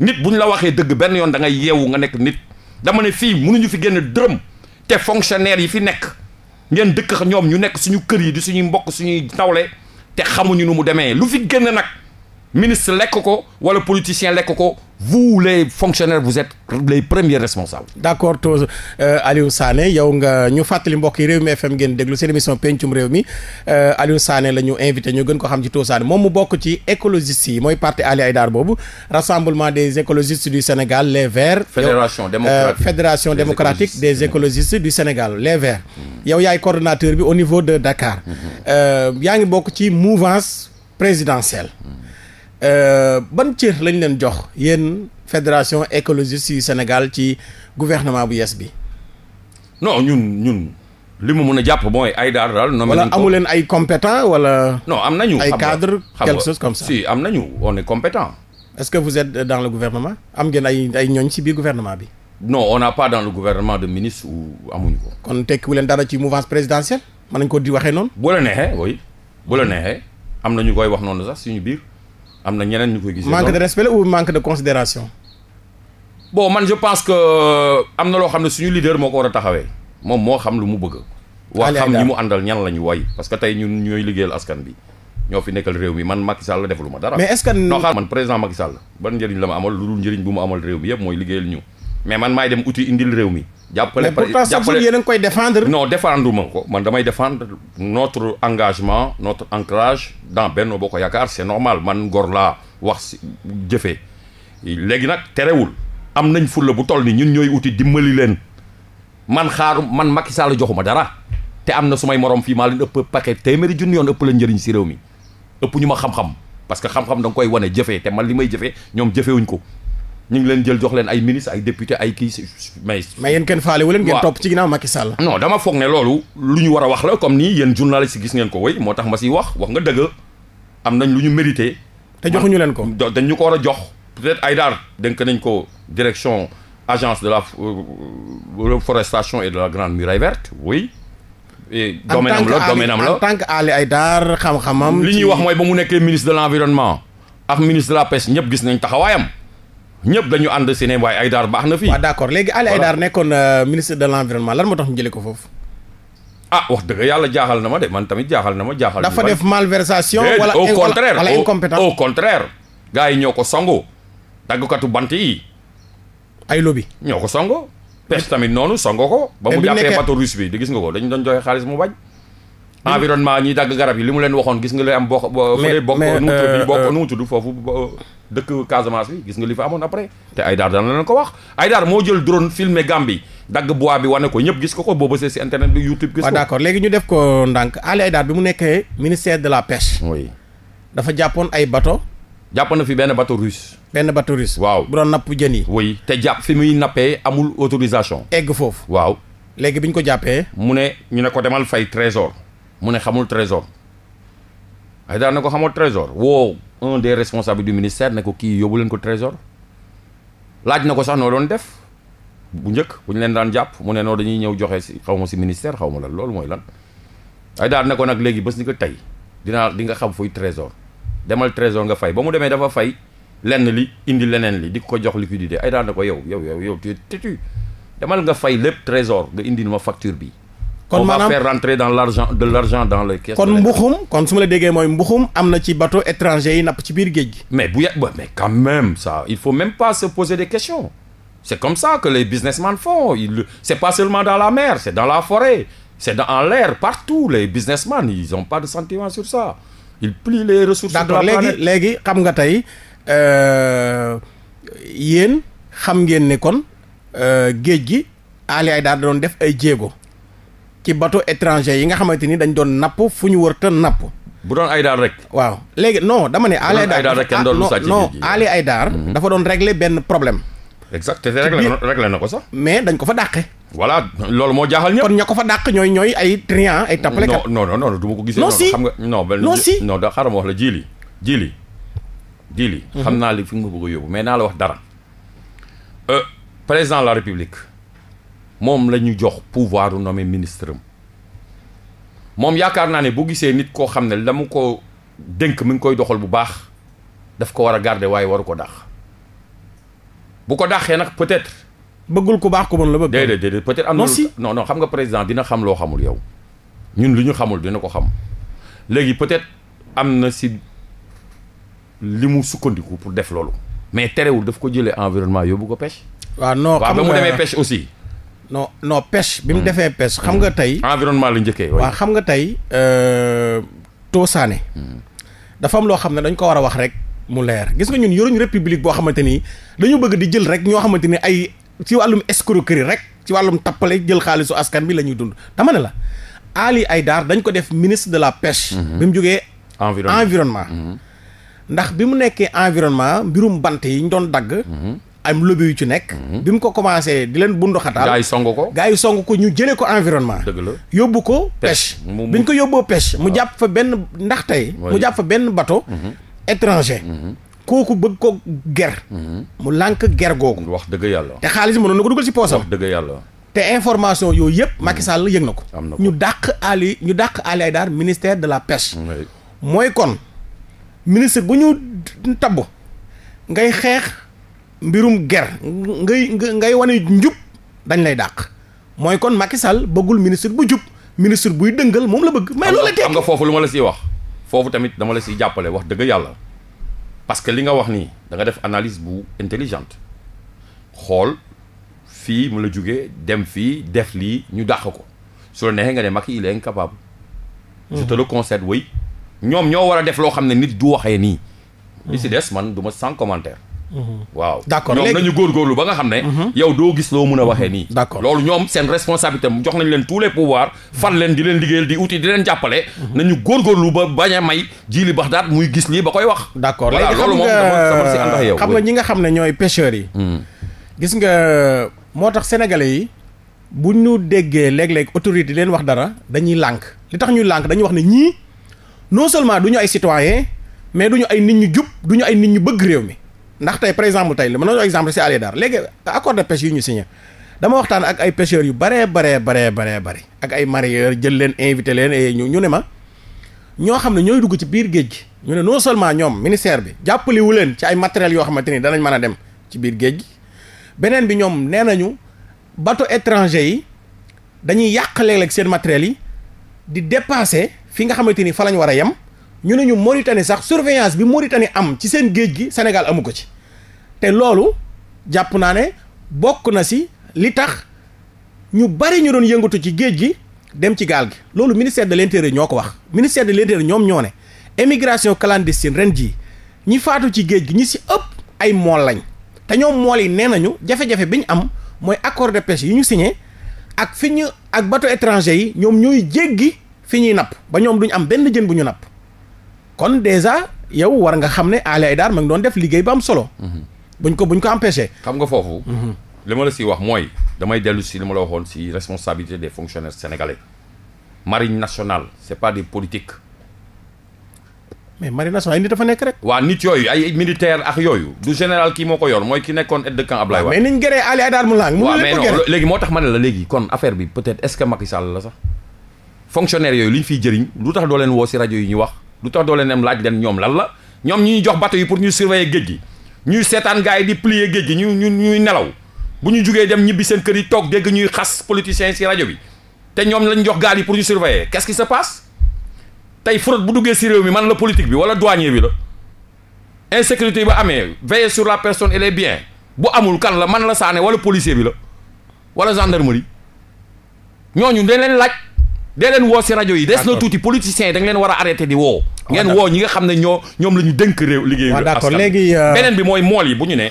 nit bu ñu la waxee dëgg benn yoon da ngay yeewu nga nekk nit dama ne fii mënuñu fi génn dërëm te fonctionnaire yi fi nekk ngeen dëkk ak ñoom ñu nekk suñu kër yi di suñuy mbokk suñuy nawle te xamuñu nu mu demee lu fi génn nag ministre lekk ko wala politicien lekk ko vous les fonctionnaires vous êtes les premiers responsables. d' accord to euh, Aliou Sané yow nga ñu fàttali mbokk yi réew mi FM ngeen déglu seen mission pencum réew mi euh, Aliou Sané la ñu invité ñu gën ko xam ci To Sané moom mu bokk ci écologistes yi mooy parti Ali daar boobu rassemblement des écologistes du Sénégal les Verts. fédération démocratique euh, fédération démocratique des écologistes du Sénégal les Verts. yow yaay coordinateur bi au niveau de Dakar. Mm-hmm. yaa ngi bokk ci mouvance présidentielle. Euh, ban cër lañ leen jox yéen fédération écologie yu Sénégal ci gouvernement bu yes bi. no ñun ñun. li mu mun a jàpp mooy ay daal daal. nommé nañ amu leen ay compétent wala. no am nañu ay cadre quelque chose comme ça. si am nañu on ne compétent. est-ce que vous êtes dans le gouvernement am ngeen ay ay ñooñ ci biir gouvernement bi. no on n'a pas dans le gouvernement de ministre ou amuñu ko. kon tekkiwu leen dara ci mouvance présidentielle mën nañ ko di waxee noonu. bu la neexee oui bu am na koy wax noonu sax suñu biir. am na ñeneen ñu koy gisee. manque de respect ou manque de considération bon man je pense que euh, am na loo xam ne suñu leader moo ko war a taxawee moom moo xam lu mu bëgg. waa xam ñi mu àndal ñan la ñu way parce que tey ñun ñooy liggéeyal askan bi ñoo fi nekkal réew mi man Macky Sall la defaluma dara. mais est-ce que noo xam man président Macky Sall ban njëriñ la ma amal lu dul njëriñ bu mu amal réew mi yëpp mooy liggéeyal ñu mais man maay dem uti indil réew mi jàppale jàppale yéen a ngi koy défendre. non défendre ko man damay défendre notre engagement notre ancrage dans Benno Bokk Yaakaar c'est normal man ngor laa wax jëfe léegi nag terewul am nañ fulla bu toll ni ñun ñooy wuti dimbali leen man xaaru man Macky Sall joxuma dara te am na su may morom fii maa leen ëpp paquet téeméeri junni yoon ëpp la njëriñ si réew mi ëpp ñu ma xam-xam parce que xam-xam da nga koy wane jëfee te man li may jëfee ñoom jëfewuñ ko ñu ngi leen jël jox leen ay ministre ay député ay kii mais. mais yéen kenn faale wu leen. ngeen topp ci ginnaaw Macky Sall. non dama foog ne loolu lu ñu war a wax la comme nii yéen journaliste gis ngeen ko wéy moo tax ma siy wax wax nga dëgg am nañ lu ñu mérité. te joxuñu leen ko dañ ñu ko war a jox. peut-être ay daar dénk nañ ko direction agence de la euh, reforestation et de la grande muraille verte oui. domaine am la domaine am la en tant que Ali Aïdar xam-xamam. li ñuy wax mooy ba mu nekkee ministre de l'environnement ak ministre de la pêche ñëpp gis nañ taxawaayam. ñépp dañu ànd si ne waaye Aydar baax na fii. waaw ah, d' accord léegi Ali Aydar nekkoon euh, ministre de l' environnement lan moo tax ñu jëlee ko foofu. ah wax dëgg yàlla jaaxal na ma de man tamit jaaxal na ma jaaxal. dafa def malversation. wala au contraire wala incompétent au contraire. gars yi ñoo ko songo daggukatu bant yi. ay lobby ñoo ko songo pêche tamit noonu songo ko. ba mu jàppee bateau russe bi di gis nga ko dañu doon joxe xaalis mu bañ. environnement ñi dagg garab yi li mu leen waxoon gis nga lay am bokk. mais mais fële bokk euh, euh, nu mu tudd foofu dëkk Casamance bi gis nga li fa amoon après te Aïdar dana leen ko wax Aïdar moo jël drone filmé Gambie dagg bois bi wane ko ñëpp gis ko ko boo bësee si internet bi YouTube. gis ah, léegi ñu def ko ndànk Ali Aïdar bi mu nekkee ministère de la pêche. dafa jàppoon ay bateau jàpp na fi benn bateau russe. benn bateau russe. waaw bu doon napp jën yi. oui te jàpp fi muy nappee amul autorisation. egg foofu waaw. léegi bi ñu ko jàppee. mu ne ñu ne ko demal fay trésor mu ne xamul trésor Aïdar ne ko xamul trésor woo un des responsables du ministère ne ko kii yóbbu leen ko trésor laaj na ko sax noo doon def bu njëkk bu ñu leen daan jàpp mu ne noo dañuy ñëw joxe si xaw ma si ministère xaw ma lan loolu mooy lan ay daal ne ko nag léegi bés ni ko tey dinaa di nga xam fuy trésor demal trésor nga fay ba mu demee dafa fay lenn li indi leneen li di ko jox liquidité ay daal ne ko yow yow yow yow tu têtu demal nga fay lépp trésor nga indi ma facture bi kon maanaam on va faire rentrer dans l'argent de l'argent dans les caisses kon mbuxum kon su ma la déggee mooy mbuxum am na ci bateau étranger yi napp ci biir géej gi. mais bu ya mais quand même ça il faut même pas se poser des questions c'est comme ça que les businessmen font ils c'est pas seulement dans la mer c'est dans la forêt c'est dans en l'air partout les businessmen ils ont pas de sentiment sur ça ils plient les ressources. de la planète xam nga tey euh, yéen xam ngeen ne kon euh, géej gi ali Aly Aïdara doon def ay jéego. ci bateau étranger yi nga xamante ni dañ doon napp fu ñu wërta napp. bu doon daal rek. waaw léegi non dama ne. Ali daal rek kenn doon ah, lu sàcc non ay Aydar mhm. dafa doon régler benn problème. exact te réglé na ko sax. mais dañ ko fa dàqe. voilà loolu moo jaaxal ñëpp. kon ña ko fa dàq ñooy ñooy ay trian ay tappalekat. non non non du ma ko gisee. non si xam nga non. non si non da xaaral ma wax la jiili jiili jiili. Mhm. xam naa li fi ma bëgg a yóbbu mais naa la wax dara. Euh, président de la république. moom la ñu jox pouvoir u nommer ministre moom yaakaar naa ne boo gisee nit koo xam ne la mu ko dénk mi ngi koy doxal bu baax daf ko war a garder waaye waru ko dàq bu ko dàqee nag peut-être. bëggul ko baax ko bon la bëgg. déedéet déedéet peut-être am na. xam nga président dina loo xamul yow ñun lu ñu xamul dina ko xam léegi peut-être am na si li mu sukkandiku pour def loolu. mais terewul daf ko jëlee environnement yóbbu ko pêche. waaw non xam nga waaw aussi. non non pêche. bi mu hmm. defee pêche xam nga tey. Hmm. environnement la njëkkee waa xam nga tey. Euh, Tosané. Hmm. dafa am loo xam ne dañ ko war a wax rek mu leer gis nga ñun yoruñu république boo xamante ni dañu bëgg di jël rek ñoo xamante ni ay ci wàllum escroquerie rek ci wàllum tappale jël xaalisu askan bi la ñuy dund dama ne la Ali Haïdar dañ ko def ministre de la pêche. bi mu jógee. environnement ndax bi mu nekkee environnement mbirum bant yi ñu doon dagg. am lobby yu ci nekk. Mhm. bi mu ko commencé di leen bunduxataal. gars yi song ko gars yi song ko ñu jëlee ko environnement. dëgg la yóbbu ko pêche. bi ñu ko yóbboo pêche mu jàpp fa benn ndax tey. mu jàpp fa benn bato mhm. étranger. Mhm. kooku bëgg ko ger. mu lànk ger googu. wax dëgg yàlla. te xaalis mënoon na ko dugal ci poosam. dëgg yàlla. te information yooyu yëpp. Macky Sall yëg na ko. ñu dàq Ali ñu dàq Ali Aydar ministère de la pêche. mooy kon ministre bu ñu tabb ngay xeex. mbirum ger ngay ngay wane njub dañ lay dàq mooy kon Macky Sall bëggul ministre bu jub ministre buy dëngal moom la bëgg. mais loolu la nga foofu lu ma la siy wax foofu tamit dama la siy jàppale wax dëgg yàlla parce que li nga wax nii da nga def analyse bu intelligente xool fii mu la jugee dem fii def lii ñu dàq ko su la neexee nga ne Macky il est incapable. je te le concède ñoom ñoo war a def loo xam ne nit du waxee nii. li si des man duma ma sans commentaire. waaw d'accord ñoom nañu góorgóorlu ba nga xam ne mhm. yow doo gis loo mun a waxee nii d'accord loolu ñoom seen responsabilité jox nañ leen tous les pouvoirs fal leen di leen liggéeyal di uti di leen jàppale mhm. nañu góorgóorlu ba bañ a may Djily Baaxdate muy gis lii ba koy wax d'accord voilà loolu moom yow xam nga ñi nga xam ne ñooy pêcheurs yi hmm. gis nga moo tax sénégalais yi bu ñu déggee léeg-léeg di leen wax dara dañuy lànk li tax ñuy lànk dañuy wax ne ñii non seulement du ñu ay citoyen mais du ñu ay nit ñu jub du ñu ay nit ñu bëgg réew mi ndax tey par exemple tey li ma doon exemple si Alioune Dar léegi accord de pêche yu ñu signé dama waxtaan ak ay pêcheurs yu baree bare baree bare bari ak ay mareyeurs jël leen invité leen ñu ñu ne ma ñoo xam ne ñooy dugg ci biir géej gi ñu ne non seulement ñoom ministère bi jàppale leen ci ay matériels yoo xamante ni danañ man a dem ci biir géej gi beneen bi ñoom nee nañu bateau étranger yi dañuy yàq léeg-léeg seen matériels yi di dépasser fi nga xamante ni fa lañ war a yem. ñu ne ñu Mauritanie sax surveillance bi Mauritanie am ci seen géej gi Sénégal amu ko ci te loolu jàpp naa ne bokk na si li tax ñu bari ñu doon yëngatu ci géej gi dem ci gaal gi loolu ministère de l'intérieur ñoo ko wax ministère de l'intérieur ñoom ñoo ne émigration clandestine ren jii ñi faatu ci géej gi ñi si ëpp ay mool lañ te ñoom mool yi nee nañu jafe-jafe bi ñu am mooy accord de pêche yi ñu signé ak fi ñu ak bateau étranger yi ñoom ñooy jéggi fi ñuy napp ba ñoom duñu am benn jën bu ñu napp kon déjà yow war nga xam ne Aly Aïdar ma ngi doon def liggéey ba am solo. Mhm. buñ ko buñ ko empêché. xam nga foofu. Mhm. li ma la si wax mooy damay dellu si li ma la waxoon si responsabilité des fonctionnaires sénégalais marine nationale c'est pas des politiques. mais marine nationale ay nit dafa nekk rek. waa nit yooyu ay militaire ak yooyu du général kii moo ko yor mooy ki nekkoon aide de camp Ablaye Wade. mais niñ gëree Aly Aïdar mu laang. waaw mais léegi moo tax ma ne la léegi kon affaire bi peut-être est-ce que Macky Sall ñu fiy jëriñ lu tax doo leen woo si rajo yi ñu wax. lu tax doo leen dem laaj leen ñoom lan la ñoom ñuy jox bateau yi pour ñuy surveiller géej gi ñuy seetaan gars yi di plier géej gi ñu ñu ñuy nelaw bu ñu jugee dem ñibbi seen kër yi toog dégg ñuy xas politiciens si rajo bi te ñoom lañ jox gaal yi pour ñu surveiller qu'est-ce qui se passe tey fraude bu duggee si réew mi man la politique bi wala douanier bi la insécurité ba amee veiller sur la personne et bien bu amul kan la man la saane wala policier bi la wala gendarmerie ñooñu dee leen woo si rajo yi des na tuuti politiciens yi da leen war a arrêté di woo ngeen woo ñi nga xam ne ñoo ñoom la ñu dënk réew liggéey d'accord léegi euh, beneen bi mooy mool yi bu ñu ne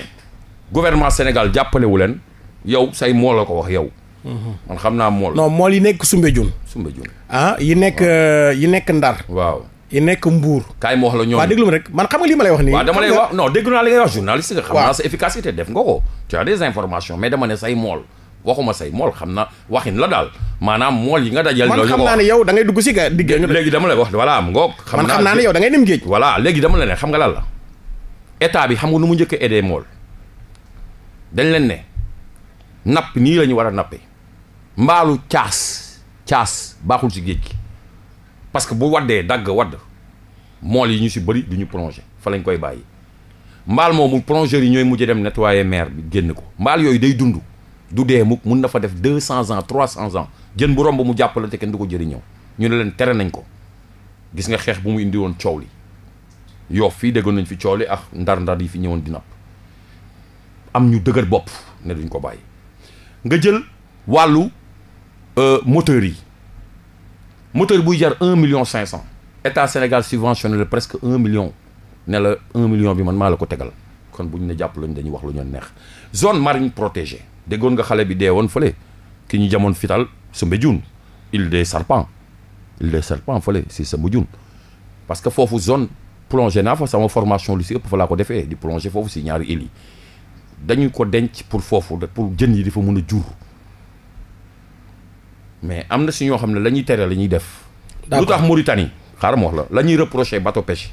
gouvernement Sénégal jàppalewu leen yow say mool la ko wax yow mhm. man xam naa mool non mool yi nekk Soumbédioune Soumbédioune ah yi nekk euh, yi nekk Ndar waaw yi nekk Mbour kaay ma wax la ñoom waaw déglu ma rek man xam nga li ma lay wax nii waaw dama lay wax non déglu naa li ngay wax journaliste nga xam sa efficacité nga ko tu as des dama ne say mool waxuma say mool xam na waxin la daal maanaam mool yi nga dajal man xam naa ne yow da ngay dugg si ga digg léegi dama lay wax voilà am ngoog xam man xam naa ne yow da ngay dem géej voilà léegi dama la ne xam nga lan la état bi xam nga nu mu njëkk a aidé mool dañ leen ne napp nii la ñu war a nappe mbaalu caas caas baaxul si géej gi parce que bu waddee dagg wadd mool yi ñu si bëri du ñu plongé fa lañ koy bàyyi mbaal moomu plongeurs yi ñooy mujj dem nettoyer mer bi ko mbaal yooyu day dund du dee mukk mun na fa def deux cent ans trois cent ans jën bu romb mu jàppale te kenn du ko ñëw ñu ne leen tere nañ ko gis nga xeex bu mu indi woon coow li yow fii déggoon nañ fi coow li ak ah, ndar-ndar yi fi ñëwoon di napp am ñu dëgër bopp ne duñ ko bàyyi nga jël wàllu euh, moteur yi moteur buy jar un million cinq cent état Sénégal subventionné la presque million ne la un million bi man maa la ko tegal kon bu ñu ne jàpp lañ dañuy wax lu ñu neex zone marine protégée déggoon nga xale bi dee woon fële ki ñu jamoon fital su mbéjun île des serpents île des serpents fële si sa mbéjun parce que foofu zone plongé naa fa sama formation lu si ëpp fa laa ko defee di plongé foofu si ñaari îles yi dañu ko denc pour foofu pour jën yi dafa mun a jur mais am na si ñoo xam ne la ñuy tere la ñuy def lu tax Mauritanie xaaral ma la la ñuy reproché bateau pêche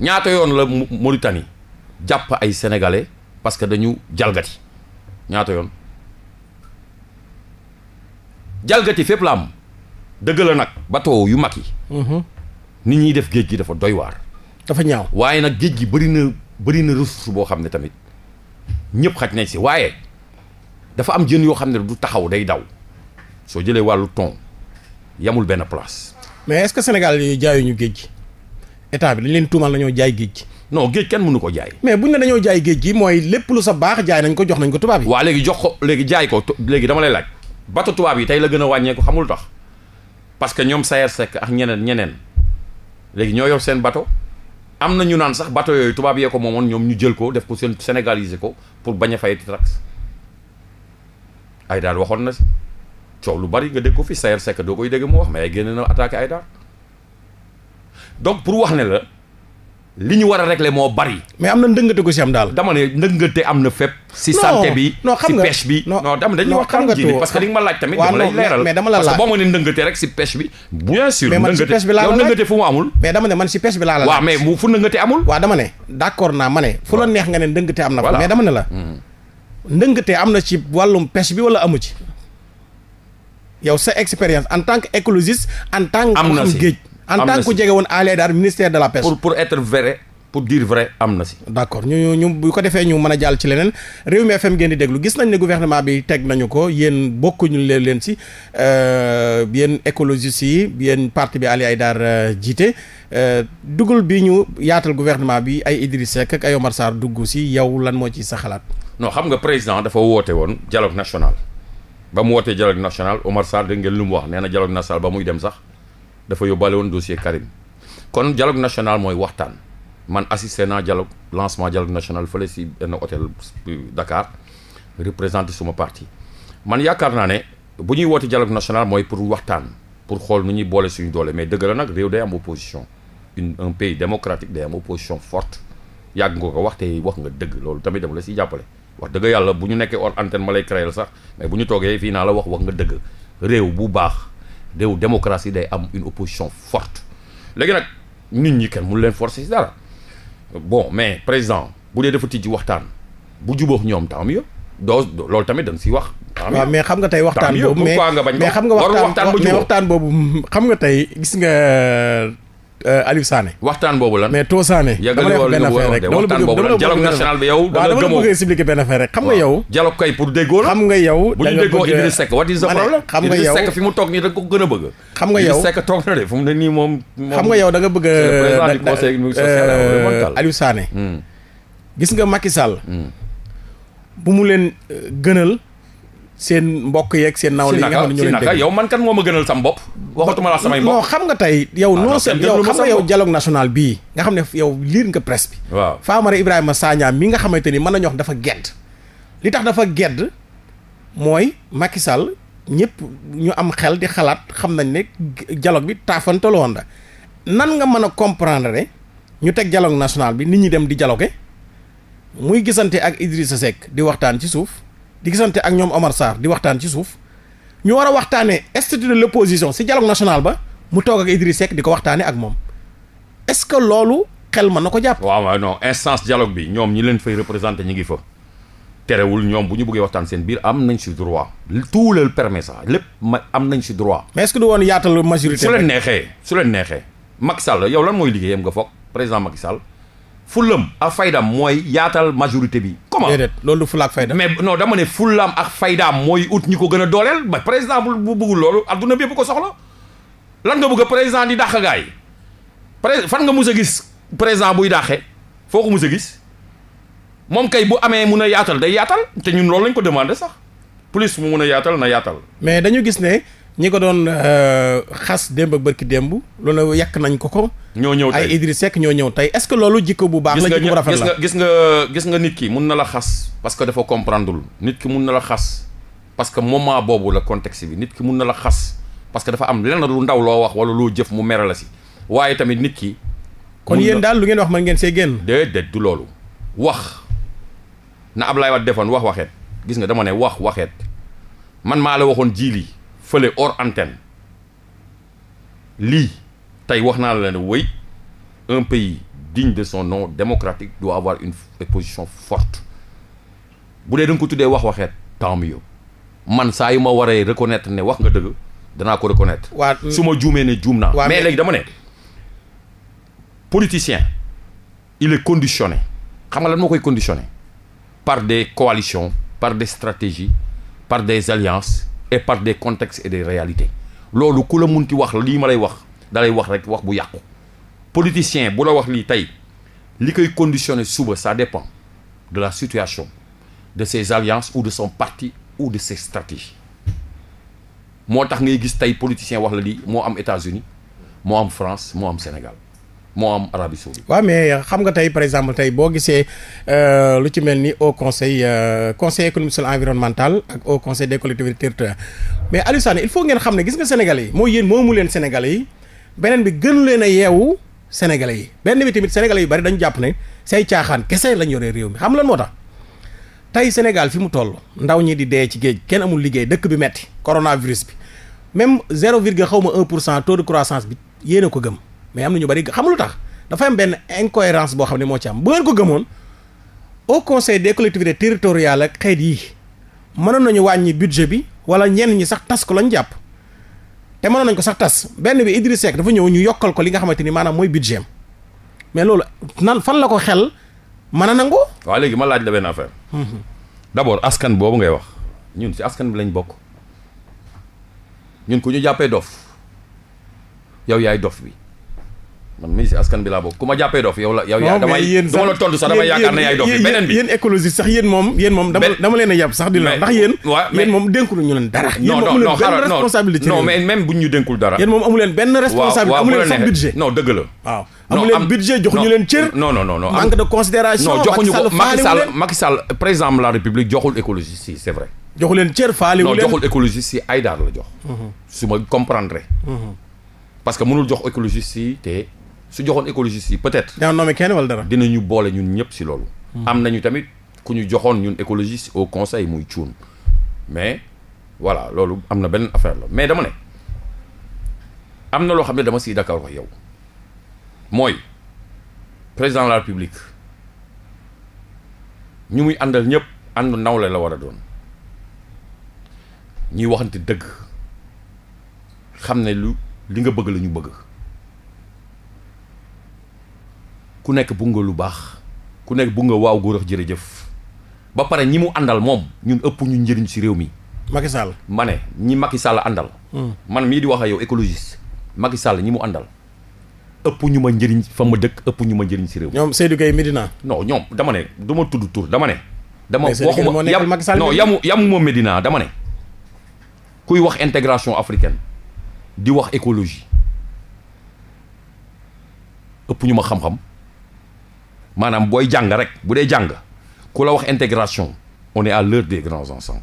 ñaata yoon la Mauritanie jàpp ay sénégalais parce que dañu jalgati ñaata yoon jalgati fépp la am dëgg la nag bateau yu mag yi. Mhm. nit ñuy def géej gi dafa doy waar. dafa ñaaw waaye nag géej gi bëri na bëri na ressource boo xam ne tamit ñëpp xaj nañ si waaye dafa am jën yoo xam ne du taxaw day daw soo jëlee wàllu ton yamul benn place. mais est-ce que Sénégal jaayuñu géej gi état bi dañ leen tuumal nañoo jaay géej gi. non géej kenn mënu ko jaay mais buñ ne dañoo jaay géej gi mooy lépp lu sa baax jaay nañ ko jox nañ ko tubaab yi waaw léegi jox ko léegi jaay ko léegi dama lay laaj bato tubaab yi tey la gën a wàññeeku xamul tax parce que ñoom Sayer sekk ak ñeneen ñeneen léegi ñoo yor seen bato am na ñu naan sax bato yooyu tubaab yee ko moomoon ñoom ñu jël ko def ko seen sénégaliser ko pour bañ a fayati tax ay daal waxoon na si coow lu bari nga dégg ko fi Sayer Seck doo koy dégg wax mais génne na attaqué ay daal pour wax ne la li ñu war a régler moo bari. mais am na ndëngate ko si am daal. dama ne ndëngate am na fépp. si santé bi si pêche bi. non wax xam ji parce que li nga ma laaj tamit. dama lay leeral mais dama la laaj ne ndëngate man si pêche bi laa la laaj. waaw mais fu ndëngate naa ma ne. fu la neex nga ne ndëngate am na. voilà mais dama ne la. Hmm. ndëngate am na ci wàllum pêche bi wala amu ci. yow sa expérience en tant que écologiste en tant que am na géej en tant que jege woon Alé Dar ministère de la pêche. pour pour être pour dire vrai am na si. d' accord ñu ñu bu ko defee ñu mën a jàll ci leneen réew mi FM ngeen di déglu gis nañ ne gouvernement bi teg nañu ko yéen bokkuñu leen leen si euh, yéen écologie si yéen parti bi Alé Dar euh, jiite euh, dugal bi ñu yaatal gouvernement bi ay Idrissa Seck ay Omar Sarr dugg si yow lan moo ci sa xalaat. non xam nga président dafa woote woon dialogue national ba mu wootee dialogue national Omar Sarr dégg lu mu wax nee na dialogue national ba muy dem sax. dafa yóbbaale woon dossier Karim kon dialogue national mooy waxtaan man assisté naa dialogue lancement dialogue national la si benn hôtel dakaar représenté suma parti man yaakaar naa ne bu ñuy woote dialogue national mooy pour waxtaan pour xool nu ñuy boole suñu doole mais dëgg la nag réew day am opposition une un pays démocratique day am opposition forte yàgg nga ko wax nga dëgg loolu tamit dama la si jàppale wax dëgg yàlla bu ñu nekkee hors antenne ma lay créel sax bu ñu toogee fii naa la wax wax nga dëgg bu baax réew démocratie day am une opposition forte léegi nag nit ñi kenn mënu leen forcer si dara bon mais président bu dee dafa tijji waxtaan bu jubóox ñoom tant mieux doo loolu tamit dañ si wax. waaw mais xam nga tey waxtaan boobu mais mais xam nga waxtaan mais waxtaan boobu xam nga tey gis nga. Euh, Aliou Sané. waxtaan boobu lan mais To Sané. dama lay wax benn affaire boobu bëgg expliquer benn affaire rek xam nga yow. dialogue la. xam nga yow bu ñu déggoo Idriss Seck what is the problem. xam nga yow Idriss Seck fi mu toog nii da ko gën a bëgg. xam nga yow Idriss na de fu mu ne nii xam nga yow da bëgg a euh, Aliou hmm. gis nga Macky Sall. Hmm. bu mu leen euh, gënal seen mbokk yeeg seen naaw li nga xam ne ñu leen dégg yow man kan moo ma gënal sam bopp samay mbokk xam nga tey yow ah, non seen yow xam nga national bii nga xam ne yow liir nga presse bi waaw Famara Ibrahima Sagna mi nga ne ni mën nañu wax dafa gedd li tax dafa gedd mooy Macky Sall ñëpp ñu am xel di xalaat xam nañ ne dialogue bi taafantalu la nan nga mën a comprendre ñu teg dialogue national bi nit ñi dem di dialogué muy gisante ak sa Seck di waxtaan ci suuf di gisante ak ñoom Omar Sarr di waxtaan ci suuf ñu war a waxtaanee statut de l'opposition si dialogue national ba mu toog ak Idriss Seck di ko waxtaanee ak moom est que loolu xel mën na ko jàpp. waaw waaw no instance dialogue bi ñoom ñi leen fay représenté ñu ngi fa. terewul ñoom bu ñu bëggee waxtaan seen biir am nañ si droit tout le permet ça lépp ma am nañ si droit. mais est-ce que du woon yaatal majorité. su leen neexee su leen neexee. Macky yow lan mooy liggéeyam nga foog président Macky fullam a faydam mooy yaatal majorité bi. comment déedéet loolu fulla ak fayda. mais dama ne fullam a faydaam mooy ut ñi ko gën a dooleel ma président bu bëggul loolu adduna bi bu ko soxla lan nga bëgg a président di dàq gaay pré fan nga mus a gis président buy dàqee foo ko mus a gis moom kay bu amee mun a yaatal day yaatal te ñun loolu lañ ko demandé sax plus mu mun a yaatal na yaatal. mais dañu gis ne. ñi ko doon euh, xas démb ak bërki démb loolu yakk nañ ko ko. ñoo ñëw tey ay Idriss Seck ñoo ñëw tey est ce que loolu jikko bu baax la jikko bu rafet la gis nga gis nga nit ki mun na la xas parce que dafa comprendreul nit ki mun na la xas parce que moment boobu la contexte bi nit ki mun na la xas parce que dafa am lenn lu ndaw loo wax wala loo jëf mu mere la si waaye tamit nit ki. kon yéen daal lu ngeen wax man ngeen see génn. déedéet du loolu wax na lay wax defoon wax waxeet gis nga dama ne wax waxeet man maa la waxoon jiili fële hors antenne lii tey wax naa la ne wéy un pays digne de son nom démocratique doit avoir une position forte bu dee da ko tuddee wax waxeet tant mieux man saa yu ma waree reconnaître ne wax nga dëgg danaa ko reconnaître waa su ma juumee ne juum naa mais léegi dama ne politicien il est conditionné xam nga lan ma koy conditionné par des coalitions par des stratégies par des alliances et part des contextes et des réalités loolu ku la munti wax lii ma lay wax dalay wax rek wax bu yàqu politicien bu la wax lii tey li koy conditionner suba ça dépend de la situation de ses alliances ou de son parti ou de ses stratégies moo tax ngay gis tey politicien wax la lii moo am États-Unis moo am France moo am Sénégal moo am Arabie Saoudite waaw mais xam nga tey par exemple tey boo gisee euh, lu ci mel ni au conseil euh, conseil économique social environnemental ak au conseil des collectivités territoriales mais Aliou Sané il faut ngeen xam ne gis nga Sénégalais yi moo yéen moomu leen Sénégalais yi beneen bi gënu leen a yeewu Sénégalais yi benn bi tamit Sénégalais yi bari dañu jàpp ne say caaxaan kese lañ yore réew mi xam lan moo tax tey Sénégal fi mu toll ndaw ñi di dee ci géej kenn amul liggéey dëkk bi metti coronavirus bi même zéro virgule xaw ma pour cent taux de croissance bi yéen a ko gëm mais am na ñu bari xam tax dafa am benn incohérence boo xam ne moo ci am bu ngeen ko gëmoon au conseil des collectivités territoriales ak xeet yi mënoon nañu wàññi budget bi wala ñenn ñi sax tas ko lañu jàpp te mënoon nañ ko sax tas benn bi Idriss Seck dafa ñëw ñu yokkal ko li nga xamante ni maanaam mooy budget mais loolu nan fan la ko xel mën a nangoo. waa léegi ma laaj la benn affaire. Mhm. d'abord askan boobu ngay wax ñun ci askan bi lañ bokk ñun ku ñu jàppee dof yow yaay dof bi. man mii si askan bi laa bokk ku ma jàppee dof yow la yow yaa damay dama sax damay moom dama leen a yàpp sax di la ndax yéen yéen moom dénkul ñu leen dara yéen moom amu leen benn waaw amu budget joxuñu cër non non non manque de considération non joxuñu ko Macky Sall Macky Sall président de la République joxul écologiste si c'est vrai joxu cër faale joxul écologiste si Aïdar la jox mhm. su ma comprendre mhm. parce que mënul jox écologiste si te su joxoon écologistes yi peut-être. daaw nommé kenn wala dara. dinañu boole ñun ñëpp si loolu. Hmm. am nañu tamit ku ñu joxoon ñun écologistes au conseil muy cuun mais voilà loolu am na benn affaire la mais dama ne am na loo xam ne dama siy d'accord wax yow mooy président la république ñu muy àndal ñëpp ànd nawle la war a doon ñuy waxante dëgg xam ne lu li nga bëgg la ñu bëgg. ku nekk bu lu baax ku nekk bu nga waaw góor jërëjëf ba pare ñi mu àndal moom ñun ëpp ñu njëriñ si réew mi. Macky Sall ma ne ñi Macky Sall àndal. Hmm. man mii di wax a yow écologiste Macky Sall ñi mu àndal ëpp ñu ma njëriñ fa ma dëkk ëpp ñu ma njëriñ si réew mi. ñoom Seydou Gueye médina no ñoom dama ne du ma tudd tur dama ne. dama waxuma yam non yamu yamu ma Medina dama ne. kuy wax integration africaine di wax écologie ëpp ñu ma xam-xam. maanaam booy jàng rek bu dee jàng ku la wax intégration on est à l'heure des grands ensembles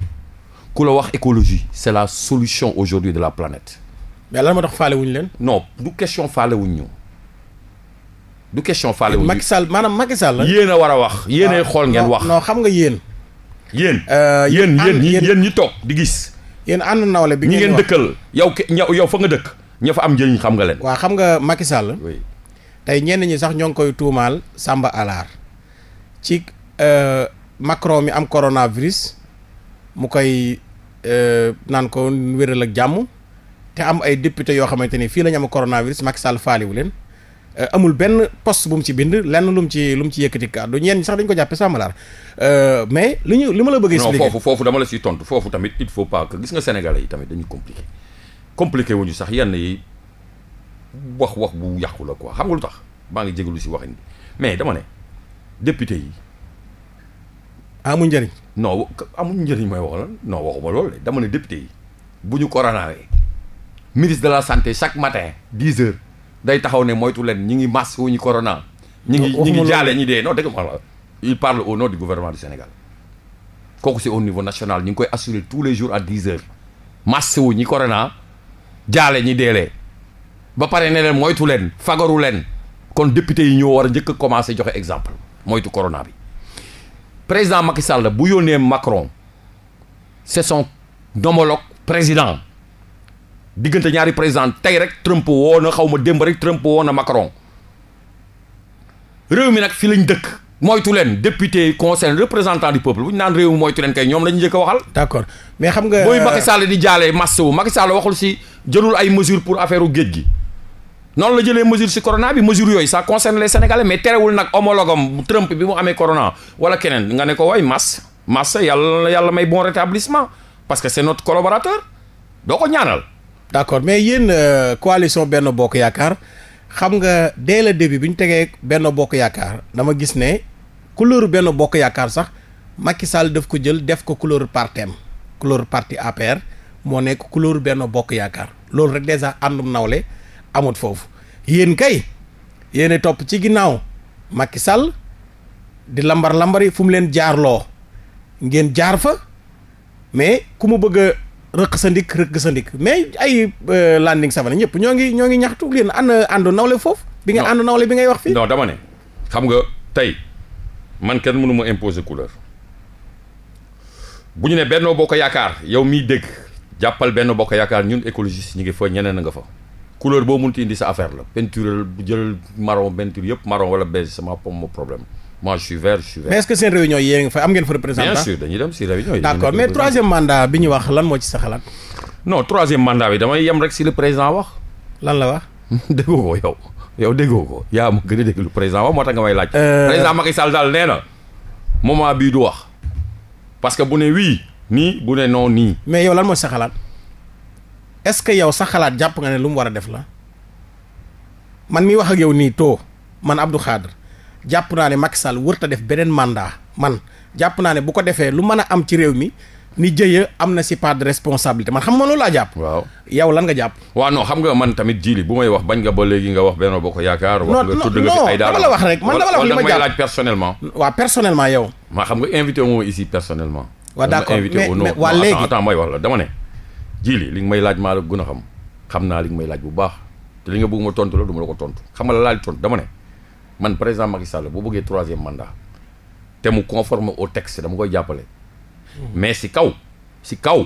ku la wax écologie c'est la solution aujourd'hui de la planète mais lan ma tax faale wuñu leen non du question faale wuñ ñu du question faale wuñ Macky Sall maanaam Macky la yéen a war a wax yéenay ah, xool ngeen wax non xam nga yéen yéen euh, yéen yéen yéen ñi toog di gis yéen ànd nawle bi ñi ngeen dëkkal yow yow fa nga dëkk ña fa am njëriñ xam nga leen waa xam nga Macky Sall tey ñenn ñi sax ñoo ngi koy tuumaal Samba Alaar ci euh, Macron mi am coronavirus mu koy euh, naan ko wéral ak jàmm te am ay député yoo xamante ni fii la ñu am coronavirus Macky Sall faaliwu leen euh, amul benn poste bu mu ci bind lenn lu mu ci lu mu ci yëkkati kàddu ñeen sax dañ ko jàppe Samba Alaar mais li ñu li ma la bëggee expliquer foofu foofu dama la siy tontu foofu tamit il faut pas que gis nga sénégalais yi tamit dañu compliqué wu ñu sax yenn yi wax wax bu yàqu la quoi xam nga lu tax maa ngi jégalu si waxin bi mais dama ne député yi. amuñ njëriñ. non amuñ njëriñ mooy wax la non waxuma loolu de dama ne député yi bu ñu coronawee ministre de la santé chaque matin dix heures day taxaw ne moytu leen ñi ngi masse wu ñu corona. ñi ngi ñi ngi jaale ñi dee non dëgg la il parle au nom du gouvernement du Sénégal kooku c'est au niveau national ñu ngi koy assurer tous les jours à dix heures masse wu ñi corona jaale ñi deelee ba pare ne leen moytu leen fagaru leen kon député yi ñoo war a njëkk a commencé joxe exemple moytu corona bi président Macky Sall bu yónnee Macron c'est son homologue président diggante ñaari président tey rek Trump woo na xaw ma démb rek Trump woo na Macron réew mi nag fi lañ dëkk moytu leen député conseil représentant du peuple bu ñu naan réew mi moytu leen kay ñoom lañu njëkk a waxal. d'accord mais xam nga. booy euh, Macky Sall di jaalee masse wu Macky Sall waxul si jëlul ay mesures pour affaire géej gi. noonu la jëlee mesure ci corona bi mesure yooyu ça concerne les sénégalais mais terewul nag homologam Trump bi mu amee corona wala keneen nga ne ko waay mas mas yàlla yàlla may bon rétablissement parce que c'est notre collaborateur doo ko ñaanal. d'accord mais yéen euh, coalition Benno Bokk Yaakaar xam nga dès le début bi ñu tegee Benno Bokk Yaakaar dama gis ne couleur Benno Bokk Yaakaar sax Macky Sall def ko jël def ko couleur partem couleur parti APR moo nekk couleur Benno Bokk Yaakaar loolu rek déjà àndum nawle amut foofu yéen kay yéen topp ci ginnaaw Macky Sall di lambar lambari fu mu leen jaarloo ngeen jaar fa mais ku mu bëgg a rëq sa ndik rëq sa ndik mais ay euh, landing savane ñëpp ñoo ngi ñoo ngi ñaxtu leen ànd àndu nawle foofu. bi nga àndu nawle bi ngay wax fii. non dama xam nga tey man kenn mënu ma imposer couleur bu ñu ne Benno Bokk Yaakaar yow miy dégg jàppal Benno Bokk Yaakaar ñun écologistes ñu ngi fa ñeneen a nga fa. couleur boo mënut di sa affaire la peinture jël marron peinture yëpp marron wala beige sama pomme problème moi je suis vert je suis vert. mais est-ce que seen réunion yéen nga fa am ngeen fa représentant. bien sûr dañuy dem si réunion yi. d'accord mais troisième mandat bi ñu wax lan moo ci sa xalaat. non troisième mandat bi damay yem rek si le président wax. lan la wax. déggoo ko yow yow déggoo ko yaa ma gën a dégg lu président wax moo tax nga may laaj. Euh, président Macky Sall daal nee na moment bii du wax parce que bu ne oui nii bu ne non nii. mais yow lan moo ci est-ce que yow sa xalaat jàpp nga ne lu mu war a def la man mi wax ak yow nii too man Abdou Khadre jàpp naa ne Macky Sall wërta def beneen mandat man jàpp naa ne bu ko defee lu man a am ci réew mi ni jëye am na si part de man xam nga loolu laa jàpp. waaw yow lan nga jàpp. waaw non xam nga man tamit jili bu may wax bañ nga ba léegi nga wax benn boo ko yaakaar. wax nga tudd nga fi ay dara ma xam nga invité wu ma ici personnellement. waaw d'accord waa léegi ji li li may laaj maa la gën a xam xam naa li nga may laaj bu baax te li nga bëgg ma tontu la duma ma la ko tontu xam nga la laal tontu dama ne man président Macky Sall boo bëggee troisième mandat te mu conforme au texte dama koy jàppale. Hmm. mais si kaw si kaw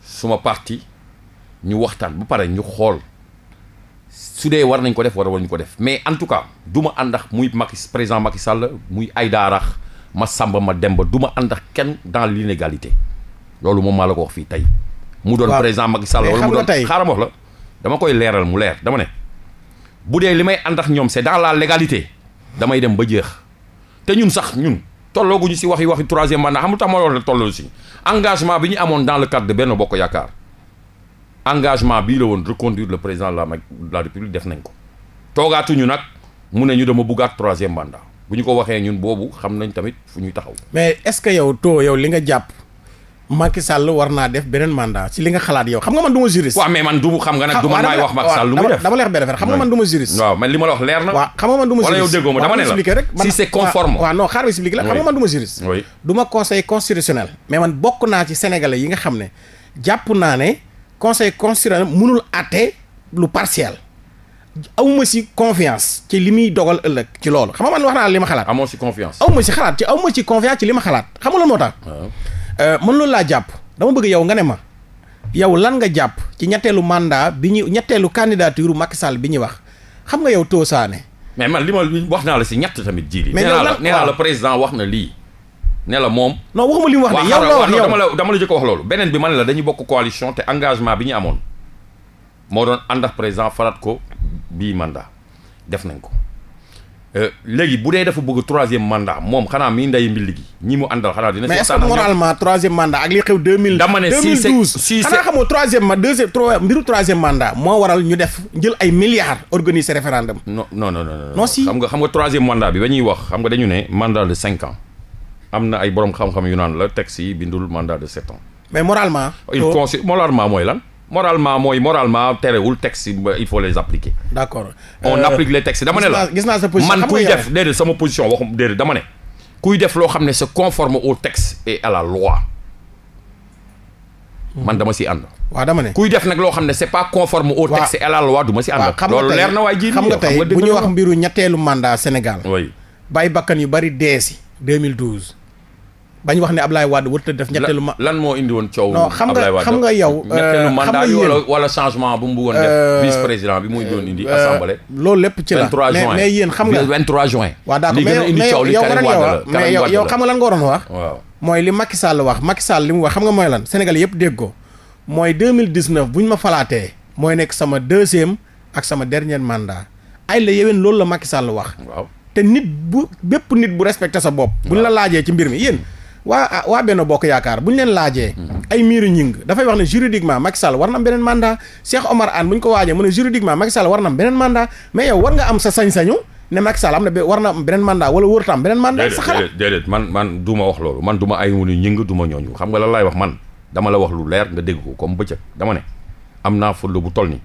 suma parti ñu waxtaan ba pare ñu xool. su dee war nañ ko def war waruñu ko def mais en tout cas du ma ànd ak muy Macky président Macky Sall muy Aïda Arax ma Samba ma Demba du ma ànd ak kenn dans l' illégalité loolu moom maa la ko wax fii tey. mu doon président Macky Sall wala mu doon xaaral wax la dama koy leeral mu leer dama ne. bu dee li may ànd ak ñoom c'est dans la légalité damay dem ba jeex te ñun sax ñun tollooguñu si waxi waxi troisième mandat xam lu tax ma loolu la tolloo si engagement bi ñu amoon dans le cadre de Benno Bokk Yaakaar engagement bii la woon reconduire le président la de la république def nañ ko toogaatuñu nag mu ne ñu dama buggaat troisième mandat bu ñu ko waxee ñun boobu xam nañ tamit fu ñuy taxaw. mais est-ce que yow too yow li nga jàpp. Macky Sall war naa def beneen mandat ci li nga xalaat yow xam nga man du ma juriste. waaw mais man du xam nga nag du man maay wax nga man waaw man li ma la leer na. waaw xam nga man du ma juriste wala yow déggoo ne la si man bokk naa ci sénégalais yi nga xam ne jàpp naa ne conseil constitutionnel mënul àtte lu partiel. awma si confiance ci li muy dogal ëllëg ci loolu xam nga man wax naa li ma xalaat. amoo si confiance awma si xalaat ci awma si confiance li ma xalaat xam nga lan moo Euh, mën loolu laa jàpp dama bëgg yow nga ne ma yow lan nga jàpp ci ñetteelu màndaa bi ñu ñetteelu candidature Macky Sall bi ñuy wax xam nga yow toosaane mais man li ma wax naa la si ñett tamit naa li nee naa la président wax na lii ne la moom non waxuma li mu wax na yow la wax yow dama la dama la jëkk wax loolu beneen bi man ne la dañu bokk coalition te engagement bi ñu amoon moo doon ànd ak président farat ko bii mandat def nañ ko Euh, léegi bu dee dafa bëgg troisième mandat moom xanaa mi nday mbilli gi ñi mu àndal xanaa dina. mais est-ce que moralement troisième mandat ak li xew deux mille. dama ne si c'est 2012 xanaa xamoo troisième mbiru troisième mandat moo waral ñu def jël ay milliards organiser référendum. non non non non non xam nga xam nga troisième mandat bi ba ñuy wax xam nga dañu ne mandat de cinq ans am na ay borom xam-xam yu naan la texte yi bindul mandat de sept ans. mais moralement. il moralement mooy lan. moralement mooy moralement terewul texte yi il faut les appliquer. accord on euh, applique les textes dama ne la gis naa sa position man kuy def déedéet sama position waxum déedéet dama ne. kuy def loo xam ne c'est conforme au texte et à la loi hmm. si ànd. waaw dama ne kuy def nag loo xam ne c'est pas conforme au texte et à la du ma si a loolu leer na waaye ji xam nga tey bu ñu wax mbiru ñetteelu mandat Sénégal. oui baay bakkan yu bari dee si 2012. bañ wax ne Ablaye Wade wërta def ñetteelu ma lan moo indi woon coow non xam nga xam nga yow ñetteelu euh, mandat bi wala changement bu mu bëggoon def euh, vice président bi muy doon indi euh, assemblée loolu lépp ci la mais yéen xam nga 23 juin waaw d'accord mais indi coow li Karim xam nga lan nga waroon wax mooy li Macky Sall wax Macky Sall li mu wax xam nga mooy lan Sénégal yëpp dégg ko mooy 2019 bu ñu ma falaatee mooy nekk sama deuxième ak sama dernier mandat ay la yeween loolu la Macky Sall wax te nit bu bépp nit bu respecté sa bopp buñ la laajee ci mbir mi yéen waa ah, waa benn bokk yaakaar bu ñu leen laajee hmm. ay miiri ñing dafay wax ne juridiquement Macky Sall war na am beneen mandat Cheikh Omar Anne bu ñu ko waajee mu ne juridiquement Macky Sall war na am beneen mandat mais yow war nga am sa sañ-sañu ne Macky Sall am na war na am beneen mandat wala wërta am beneen mandat sa xalaat man man du ma wax loolu man du ay wunu ñing du ma xam nga la laay wax man dama la wax lu leer nga dégg ko comme bëccëg dama ne am naa fulla bu toll ni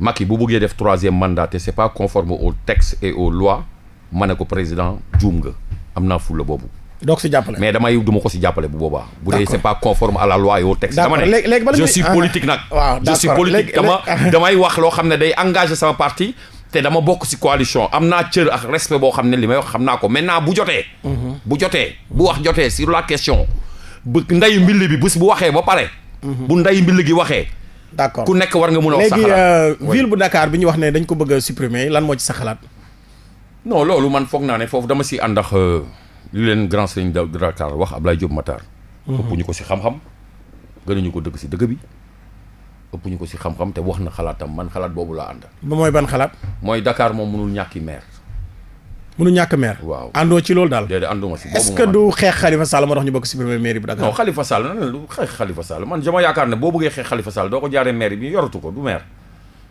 Macky bu buggee def troisième mandaa te c'est pas conforme au texte et aux loi ma ne ko président juum nga am naa fulla boobu doo ko jàppale mais damay du ko si jàppale bu boobaa. bu dee c'est pas conforme à la loi et au texte. dama ne je suis politique nag. Ah, waaw je suis politique dama damay wax loo xam ne day engagé sama parti. te dama bokk ci coalition am naa cër a respect boo xam ne li may wax xam naa ko maintenant bu jotee. Mhm. bu jotee bu wax jotee sur la question bu ndeyu mbill bi bu si bu waxee ba pare. Mhm. bu ndeyu mbill gi waxee. d'accord ku nekk war nga mën a. wax sa xalaat léegi euh, bu Dakar bi ñu wax ne dañ ko bëgg a supprimer lan moo ci sa non loolu man foog naa ne foofu dama ci ànd euh, lu leen grand sëriñ da Dakar wax Ablaye Diop Matar mhm. ëpp ñu ko si xam-xam gënuñu ko dëgg si dëgg bi ëpp ñu ko si xam-xam te wax na xalaatam man xalaat boobu laa ànd ba mooy ban xalaat mooy dakaar moom mënul ñàkki meer mënul ñàkk maire waaw àndoo ci loolu daal déedéet ànduma si est-ce que du xeex xalifa Sall moo tax ñu bëgg supprimer maire bu Dakar non Khalifa man dama yaakaar ne boo bëggee xeex Khalifa Sall doo ko jaaree maire bi yoratu ko du meer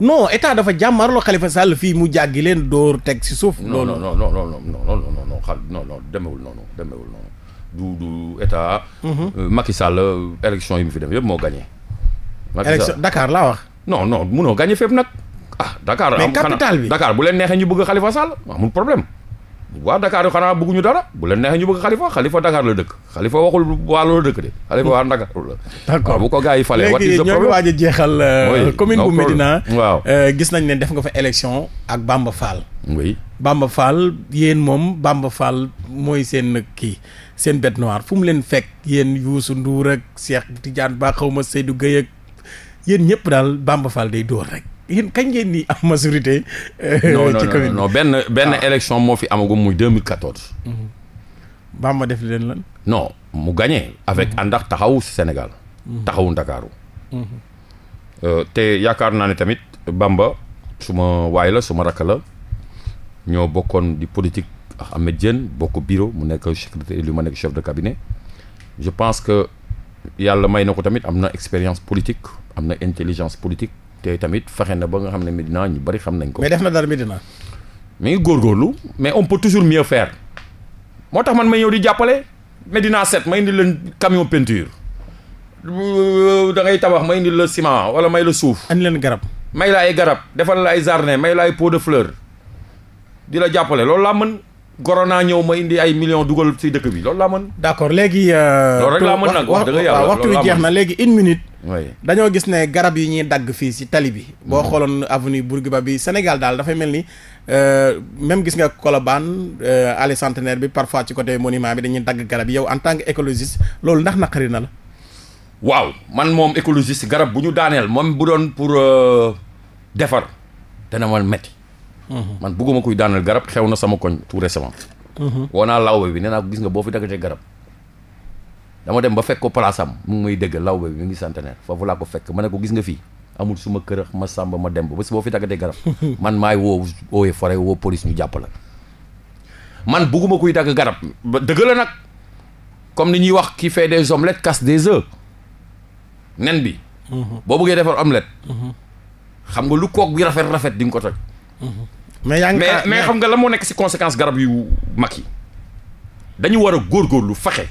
non état dafa jàmmarloo Khalifa Sall fii mu jàggi leen dóor teg si suuf. loolu non non non non non non non non xal non non demewul noonu demewul noonu du du état. Mhm. Euh, Macky Sall euh, élection yi mu fi dem yëpp moo gagné. élection Dakar laa wax. non non munoo gagné fépp nag. ah Dakar mais capitale bi dakaar bu leen neexee ñu bëgg Khalifa Sall amul problème. waa Dakar yi xanaa bëgguñu dara bu leen neexee ñu bëgg xalifa xalifa Dakar la dëkk xalifa waxul waalo la dëkk de xalifa waa Dakar la d'accord bu ko gars yi falee léegi ñoo ngi waaj a jeexal euh, commune bu Médina waaw euh, gis nañ ne def nga fa élection ak Bamba Fall oui Bamba Fall yéen moom Bamba Fall mooy seen kii seen bête noire fu mu leen fekk yéen Youssou Ndour ak Cheikh Tidiane Ba xaw ma Seydou Guèye ak yéen ñëpp daal Bamba Fall day dóor rek yéen kañ ngeen ni am majorité. Euh, ci commune non benn benn ah. élection moo fi amagum muy 2014. Mhm. Bamba def leen lan. non mu gagné. avec mhm. ànd ak taxawu Sénégal. Mhm. taxawu Ndakaaru. Euh, te yaakaar naa ne tamit Bamba suma waay la suma rakk la ñoo bokkoon di politique ak Ahmed Diène bokk bureau mu nekk secrétaire lu ma nekk chef de cabinet je pense que yàlla may na ko tamit am na expérience politique am na intelligence politique. te tamit fexe na ba nga xam ne Medina ñu bari xam nañ ko. mais def na dara Medina. mi ngi góorgóorlu mais on peut toujours mieux faire moo tax man may ñëw di jàppale Medina set may indi leen camion peinture euh, da ngay tabax may indi la ciment wala may la suuf. andi leen garab. may la ay garab defal la ay jardin may la ay pot de fleur di la jàppale loolu laa mën. corona ñëw ma indi ay millions dugal ci dëkk bi loolu laa mën. d'accord léegi. Euh, loolu rek laa mën nag wax dëgg yàlla waxtu bi jeex na léegi une minute. dañoo gis ne garab yi ñuy dagg fii ci tali bi. boo mm-hmm. xooloon avenue Bourguiba bi Sénégal daal dafay mel ni euh, même gis nga Colobane euh, allée centenaire bi parfois ci côté monument bi dañuy dagg garab yow en tant que écologiste loolu ndax naqari na la. waaw man moom écologiste garab bu ñu daaneel moom bu doon pour defar dana ma metti man bugguma kuy daaneel garab xew na sama koñ tout récemment. naa lawbe bi nee naa gis nga boo fi dagatee garab. dama dem ba fekk ko place mu ngi may dégg mi ngi centenaire foofu laa ko fekk ma ne ko gis nga fii amul suma kër ma ma dem ba bés boo fi dagatee garab. man maay woo ooyee forêt woo police jàpp la. man bugguma kuy dagg garab ba dëgg la nag comme ni ñuy wax qui fait des omelettes casse des œufs nen bi. Mhm. boo bëggee defar omelette. Mhm. xam nga lu kook bi rafet rafet di nga ko toj. Mhm. mais yaa ngi mais ah, xam nga la moo nekk ci conséquence garab yu mag yi dañu war a lu faxe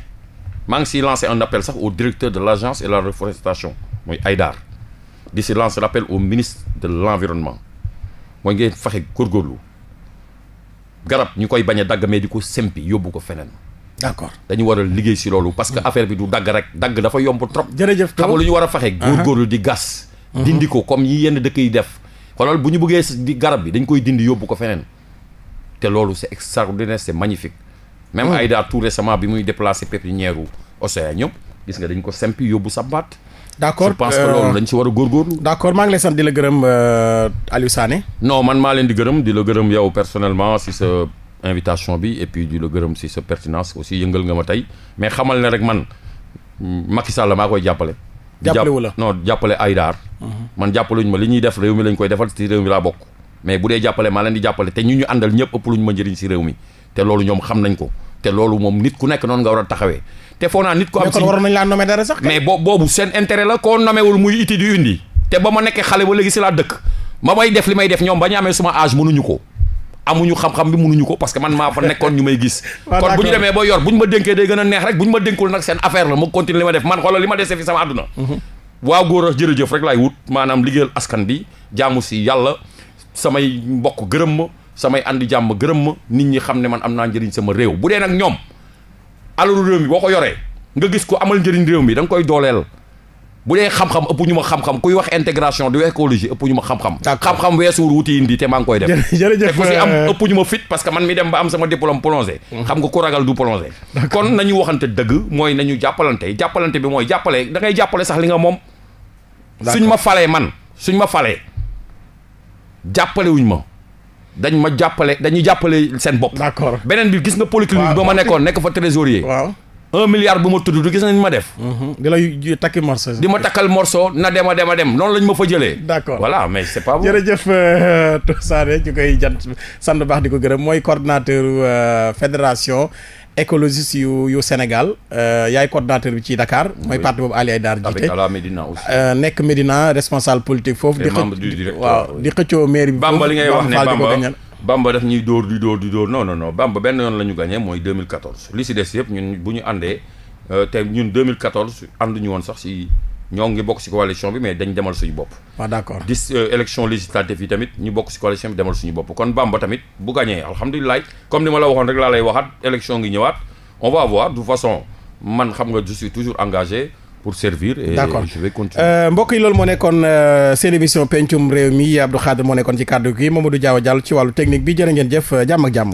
maa ngi ciy lancé un appel sax au directeur de l'agence et la reforestation mooy aydaar di ci lancer l'appel au ministre de l'environnement mooy ngeen fexe góorgóorlu garab ñu koy bañ dagg mais di ko sempi yóbbu ko feneen. d'accord dañu war a liggéey ci loolu parce que mm. affaire bi du dagg rek dagg dafa yomb trop. jërëjëf trop xam nga lu ñu war a fexe. Uh-huh. góorgóorlu di gas. Uh-huh. dindi ko comme yi yenn dëkk yi def. xoolal bu ñu bëggee di garab bi dañ koy dindi yóbbu ko feneen te loolu c'est extraordinaire c'est magnifique même mm. Aïda tout récemment bi muy déplacé pépinière u Océan ñëpp gis nga dañ ko sempi yóbbu sambaat d'accord je pense que dañ euh, si war a góorgóorlu d'accord maa ngi lay sant di la gërëm euh, Aliou Sané non man maa leen di gërëm di la gërëm yow personnellement si sa invitation bi et puis di la gërëm si sa pertinence aussi yëngal nga ma tey mais xamal na rek man Macky Sall maa koy jàppale jàppalewu la jàppale ay daar mm-hmm. man jàppaluñ ma li ñuy def réew mi lañ koy defal ci réew mi laa bokk mais bu dee jàppale maa leen di jàppale te ñu ñu àndal ñëpp ëpp luñ ma njëriñ ci réew mi te loolu ñoom xam nañ ko te loolu moom nit ku nekk noonu nga war a taxawee te foo naa nit ko am si waroon nañ laa nommer dara sax mais boobu seen intérêt la koo nomewul muy iti di indi te ba ma nekkee xale ba léegi si laa dëkk ma may def li may def ñoom ba ñu amee suma âge mënuñu ko amuñu xam-xam bi mënuñu ko parce que man maa fa nekkoon ñu may gis kon bu ñu demee ba yor bu ñu ma dénkee day gën a neex rek bu ñu ma dénkul nag seen affaire la ma continuer li ma def man xoolal li ma desee fi sama àdduna mhm. waaw góor a jërëjëf rek laay wut maanaam liggéeyal askan bi jaamu si yàlla samay mbokk gërëm ma samay àndi jàmm gërëm ma nit ñi xam ne man am naa njëriñ sama réew bu dee nag ñoom alalu réew mi boo ko yoree nga gis ko amal njëriñ réew mi da nga koy dooleel bu dee xam-xam ëpp ñu ma xam-xam kuy wax intégration du écologie ëpp ñu ma xam-xam xam-xam weesuwul wuti indi te maa koy def te ku si am ëpp ñu ma fit parce que man mi dem ba am sama diplôme plongé mm. xam nga ku ragal du plongé kon nañu waxante dëgg mooy nañu jàppalante jàppalante bi mooy jàppale da ngay jàppale sax li nga moom suñ ma falee man suñ ma falee wuñ ma dañ ma jàppale dañuy jàppale seen bopp d'accord beneen bi gis nga polyclinique ba ma nekkoon nekk fa trésorier waaw un milliard bu ma tudd du gis nañ ma def. Mhm. di lay takki morceau. di ma takkal morso na dem a dem a dem noonu lañ ma fa jëlee. d' accord voilà mais c' est pas bon. jërëjëf euh, Sané ñu koy jant sant baax di ko gërëm mooy coordonnateur euh, fédération. écologiste yu yu Sénégal euh, yaay coordonnateur bi ci Dakar. mooy parti boobu Aliou Aïdar jiite avec la Médina aussi. nekk Médina responsable politique foofu. di membre du directeur waaw di xëccoo mairie bi. Bamba li ngay wax ne Bamba def ñuy dóor di dóor di dóor no non non Bamba benn yoon la ñu gagné mooy 2014 li si des yëpp ñun bu ñu àndee euh, te ñun 2014 ànduñu woon sax si ñoo ngi bokk si coalition bi mais dañ demal suñu bopp. waaw ah, d'accord dis euh, élection législative yi tamit ñu bokk si coalition bi demal suñu bopp kon Bamba tamit bu gagné alhamdulilah comme ni ma la waxoon rek laa lay waxaat élection ngi ñëwaat on va voir de façon man xam nga je suis toujours engagé. pour servir et d'accord je vais euh, loolu moo nekkoon euh, seen émission pencum réew mi Abdou Khadre moo nekkoon ci kàddu gi Mamadou Diaw Diallo ci wàllu technique bi jërë ngeen jëf jàmm ak jàmm.